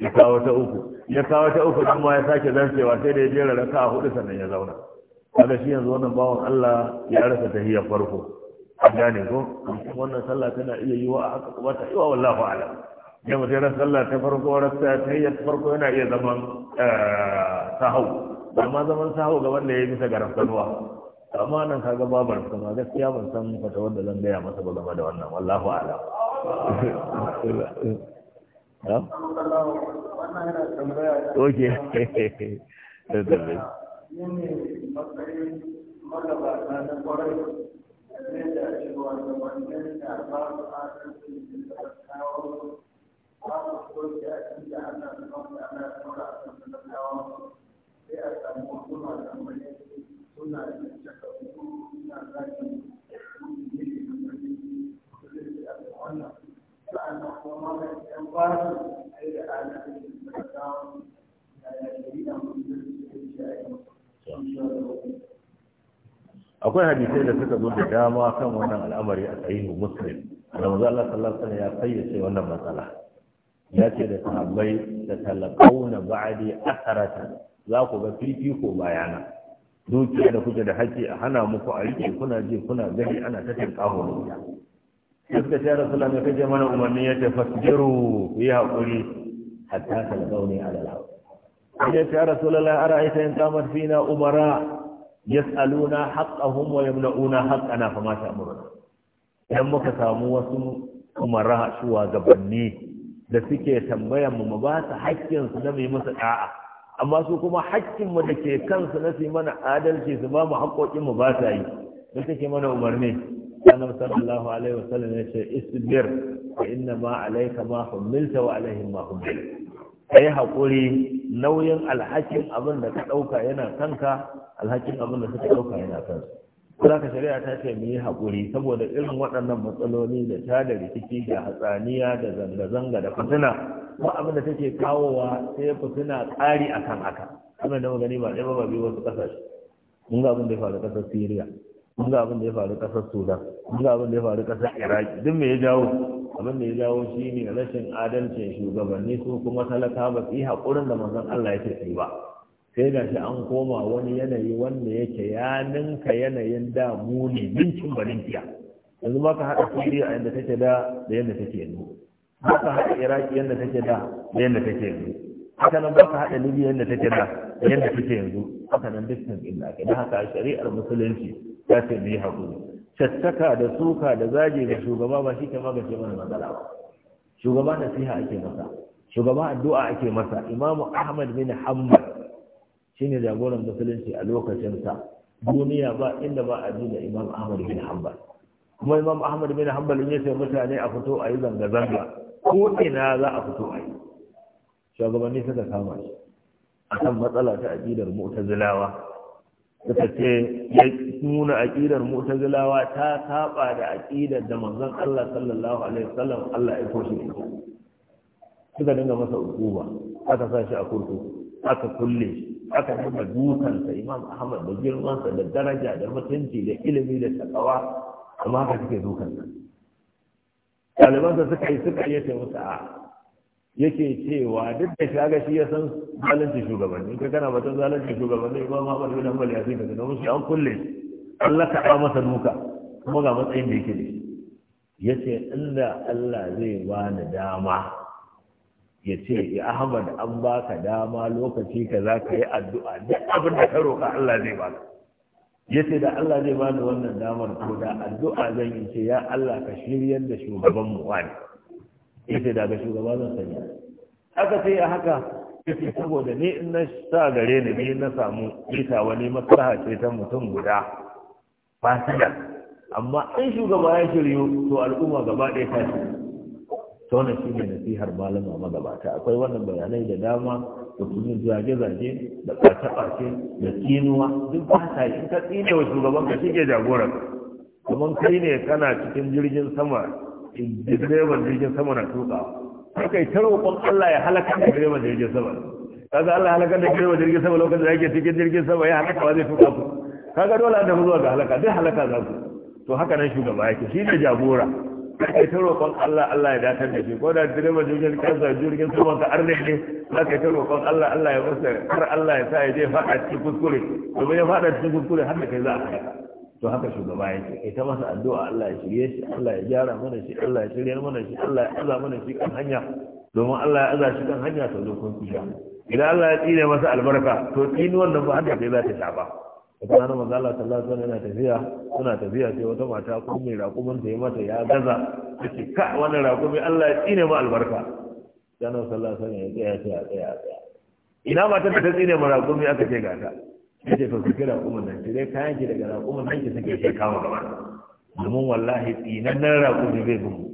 ya kawo ta uku ya kawo ta uku kuma ya sake zarcewa sai da ya jera raka a hudu sannan ya zauna kaga shi yanzu wannan bawan Allah ya rasa ta tahiyar farko a gane ko wannan sallah tana iya yi wa a haka kuma ta yi wa wallahu alam idan mutum ya sallah ta farko rasa tahiyyar farko yana iya zaman eh, sahau amma zaman sahau ga wanda ya yi bisa ga rafsanuwa amma nan kaga babar kuma gaskiya ban san fata wanda zan gaya masa ba game da wannan wallahu alam Oke. Thank akwai hadisai da suka zo da dama kan wannan al'amari a tsayin muslim da manzo Allah sallallahu alaihi ya fayyace wannan matsala ya ce da sahabbai da talaqawna a asarata za ku ga ko bayana dukiya da kuke da haƙƙi a hana muku a rike kuna ji kuna gani ana ta tinkaho ne suka ce rasulullah mai kaje mana umarni ya ce fasbiru ku yi haƙuri hatta ne a lalawa. lawa ya ce rasulullah ara aita in kamar fina umara yas'aluna haqqahum wa yamna'una na fama ta'muruna idan muka samu wasu umara shugabanni da suke tambayan mu mu ba su haƙƙin su na mai musu ɗa'a, amma su kuma haƙƙin mu da ke kansu na su mana adalci su ba mu haƙƙoƙin mu ba ta yi da ke mana umarni أنا صلى الله عليه وسلم ce isbir عليك ما حملت وعليهم ما حملت أي حقولي نويا الحكم kai hakuri nauyin alhakin abin da ka dauka yana kanka alhakin abin da suka yana ka shari'a ta ce mu yi saboda irin waɗannan matsaloli da ta da rikici da hatsaniya da zanga-zanga da fasina ko abin da take kawowa sai fitina ƙari akan haka abin da magani gani ba ɗaya ba biyu wasu ƙasashe mun ga abin da ya faru ƙasar siriya mun ga abin da ya faru kasar sudan mun ga abin da ya faru kasar iraki duk me ya jawo abin da ya jawo shine rashin adalcin shugabanni su kuma talaka ba su yi haƙurin da manzon Allah ya tafi ba sai da shi an koma wani yanayi wanda yake ya ninka yanayin da muni ninkin balintiya yanzu ba ka haɗa siriya yadda take da da yadda take yanzu ba ka haɗa iraki yadda take da da yadda take yanzu haka nan ba ka haɗa libya yadda take da da yadda take yanzu haka nan dukkan illa ke da haka shari'ar musulunci ya ce mu yi haƙuri caccaka da suka da zage da shugaba ba shi ke magance mana matsala ba shugaba nasiha ake masa shugaba addu'a ake masa imamu ahmad bin shi ne jagoran musulunci a lokacinsa. duniya ba inda ba a da imam ahmad bin hamad kuma imam ahmad bin hamad ya ce mutane a fito a yi zanga zanga ko ina za a fito a yi shugabanni suka kama shi akan matsala ta aqidar mu'tazilawa suka ce ya nuna aƙidar mutazilawa ta saba da aƙidar da manzon Allah sallallahu alaihi wasallam Allah ya koshi ne suka dinga masa ukuba aka sa shi a kurkuku aka kulle shi aka dinga dukansa Imam Ahmad da girmansa da daraja da mutunci da ilimi da takawa amma haka suke dukansa ɗalibansa suka yi suka yi ta musu a yake cewa duk da shaga shi ya san zalunci shugabanni kai kana batun zalunci shugabanni imam Ahmad bin Hanbal ya fita da shi an kulle Allah ka ba masa duka kuma ga matsayin da yake da shi yace inda Allah zai bani dama yace ya Ahmad an baka dama lokaci kaza ka yi addu'a duk abin da ka roka Allah zai baka yace da Allah zai bani wannan damar ko da addu'a zan yi ce ya Allah ka shiryar da shugaban mu wani yace daga shugaba zan sanya aka sai a haka yace saboda ni in na sa gare ni ni na samu ita wani maslaha ce ta mutum guda fasidar amma in shugaba ya shiryu to al'umma gaba ɗaya ta shi to shi shine nasihar malama magabata akwai wannan bayanai da dama da kuma zage-zage da ɓace-ɓace da tsinuwa duk ba ta yi ta wa shugaban ka jagoran kamar kai ne kana cikin jirgin sama direban jirgin sama na tuka haka ita roƙon Allah ya halaka da direban jirgin sama kaga Allah halaka da direban jirgin sama lokacin da yake cikin jirgin sama ya halaka wa zai tuka ku kaga dole an zuwa ga halaka duk halaka za ku to haka nan shugaba yake shi ne jagora kai ta roƙon Allah Allah ya datar da shi ko da direban jirgin kansa jirgin sama ka arne ne za ka ta roƙon Allah Allah ya masa har Allah ya sa ya je faɗa cikin kuskure domin ya faɗa cikin kuskure har da kai za a halaka to haka shugaba ya ce kai ta masa addu'a Allah ya shirye shi Allah ya gyara mana shi Allah ya shirye mana shi Allah ya aza mana shi kan hanya domin Allah ya aza shi kan hanya ta zo kun tsira idan Allah ya tsire masa albarka to tsini wannan ba haka bai za ta shafa wata rana manzo Allah sallallahu alaihi wasallam yana tafiya suna tafiya sai wata mata ko mai raƙumin ta yi mata ya gaza take ka wannan raƙumi Allah ya tsine ma albarka Sannan sallallahu alaihi wasallam ya tsaya ya tsaya ina matan ta tsine ma raƙumi aka ce gata ya ce to suke raƙumin nan ki dai kayan ki daga raƙumin nan ki suke ke kama gaba domin wallahi tsinannen raƙumi zai gumu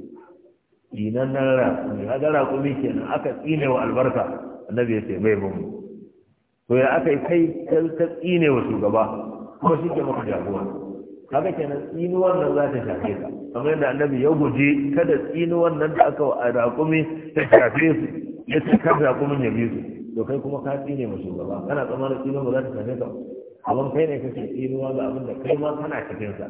tsinannen raƙumi haka raƙumi kenan aka tsine wa albarka annabi ya ce bai gumu to ya aka yi kai ta tsine wa shugaba kuma shi ke maka jagora haka kenan tsinuwar nan za ta shafe ka kamar yadda annabi ya guji kada tsinuwar nan da aka wa raƙumi ta shafe su ya ce kada raƙumin ya bi su to kuma ka tsine ma shugaba kana tsammanin tsinon mu za ta same ka amma kai ne kake tsinuwa ga abin da kai ma kana cikin sa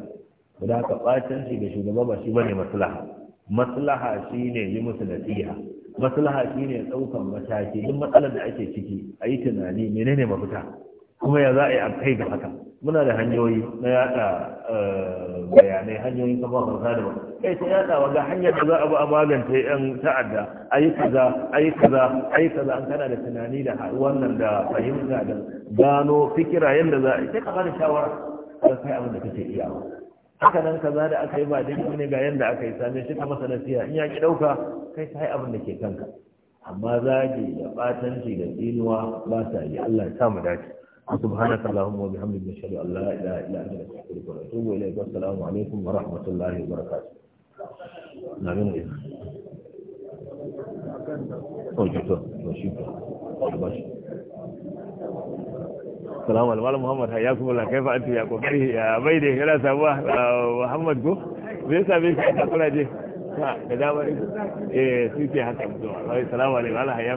da bacin shi ga shugaba ba shi bane maslaha maslaha shine yi musu nasiha maslaha shine daukan mataki duk matsalar da ake ciki ayi tunani menene mafita kuma ya za a yi a kai ga haka muna da hanyoyi na yada eh, bayanai hanyoyin kafa kafafen sadarwa kai ta yada wa ga hanyar da za a ba a magance yan ta'adda ayi kaza ayi kaza ayi kaza an kana da tunani da wannan da fahimta da gano fikira yadda za a yi sai ka bada shawara ka kai abin da kake iya haka nan kaza da aka yi ba daidai ne ga yadda aka yi same shi ta masa nasiha in ya ki dauka kai ta yi abin da ke kanka amma zagi da batanci da tsinuwa ba sa yi Allah ya sa mu dace سبحانك اللهم وبحمدك نشهد ان لا اله الا انت نستغفرك ونتوب اليك والسلام عليكم ورحمه الله وبركاته. نعم إيه؟ السلام عليكم محمد حياكم الله كيف انت يا كوكري يا بيدي يا صباح آه، محمد كو بيسا بيسا انت كل دي ها ده ده ايه سيتي حتى السلام عليكم الله حياكم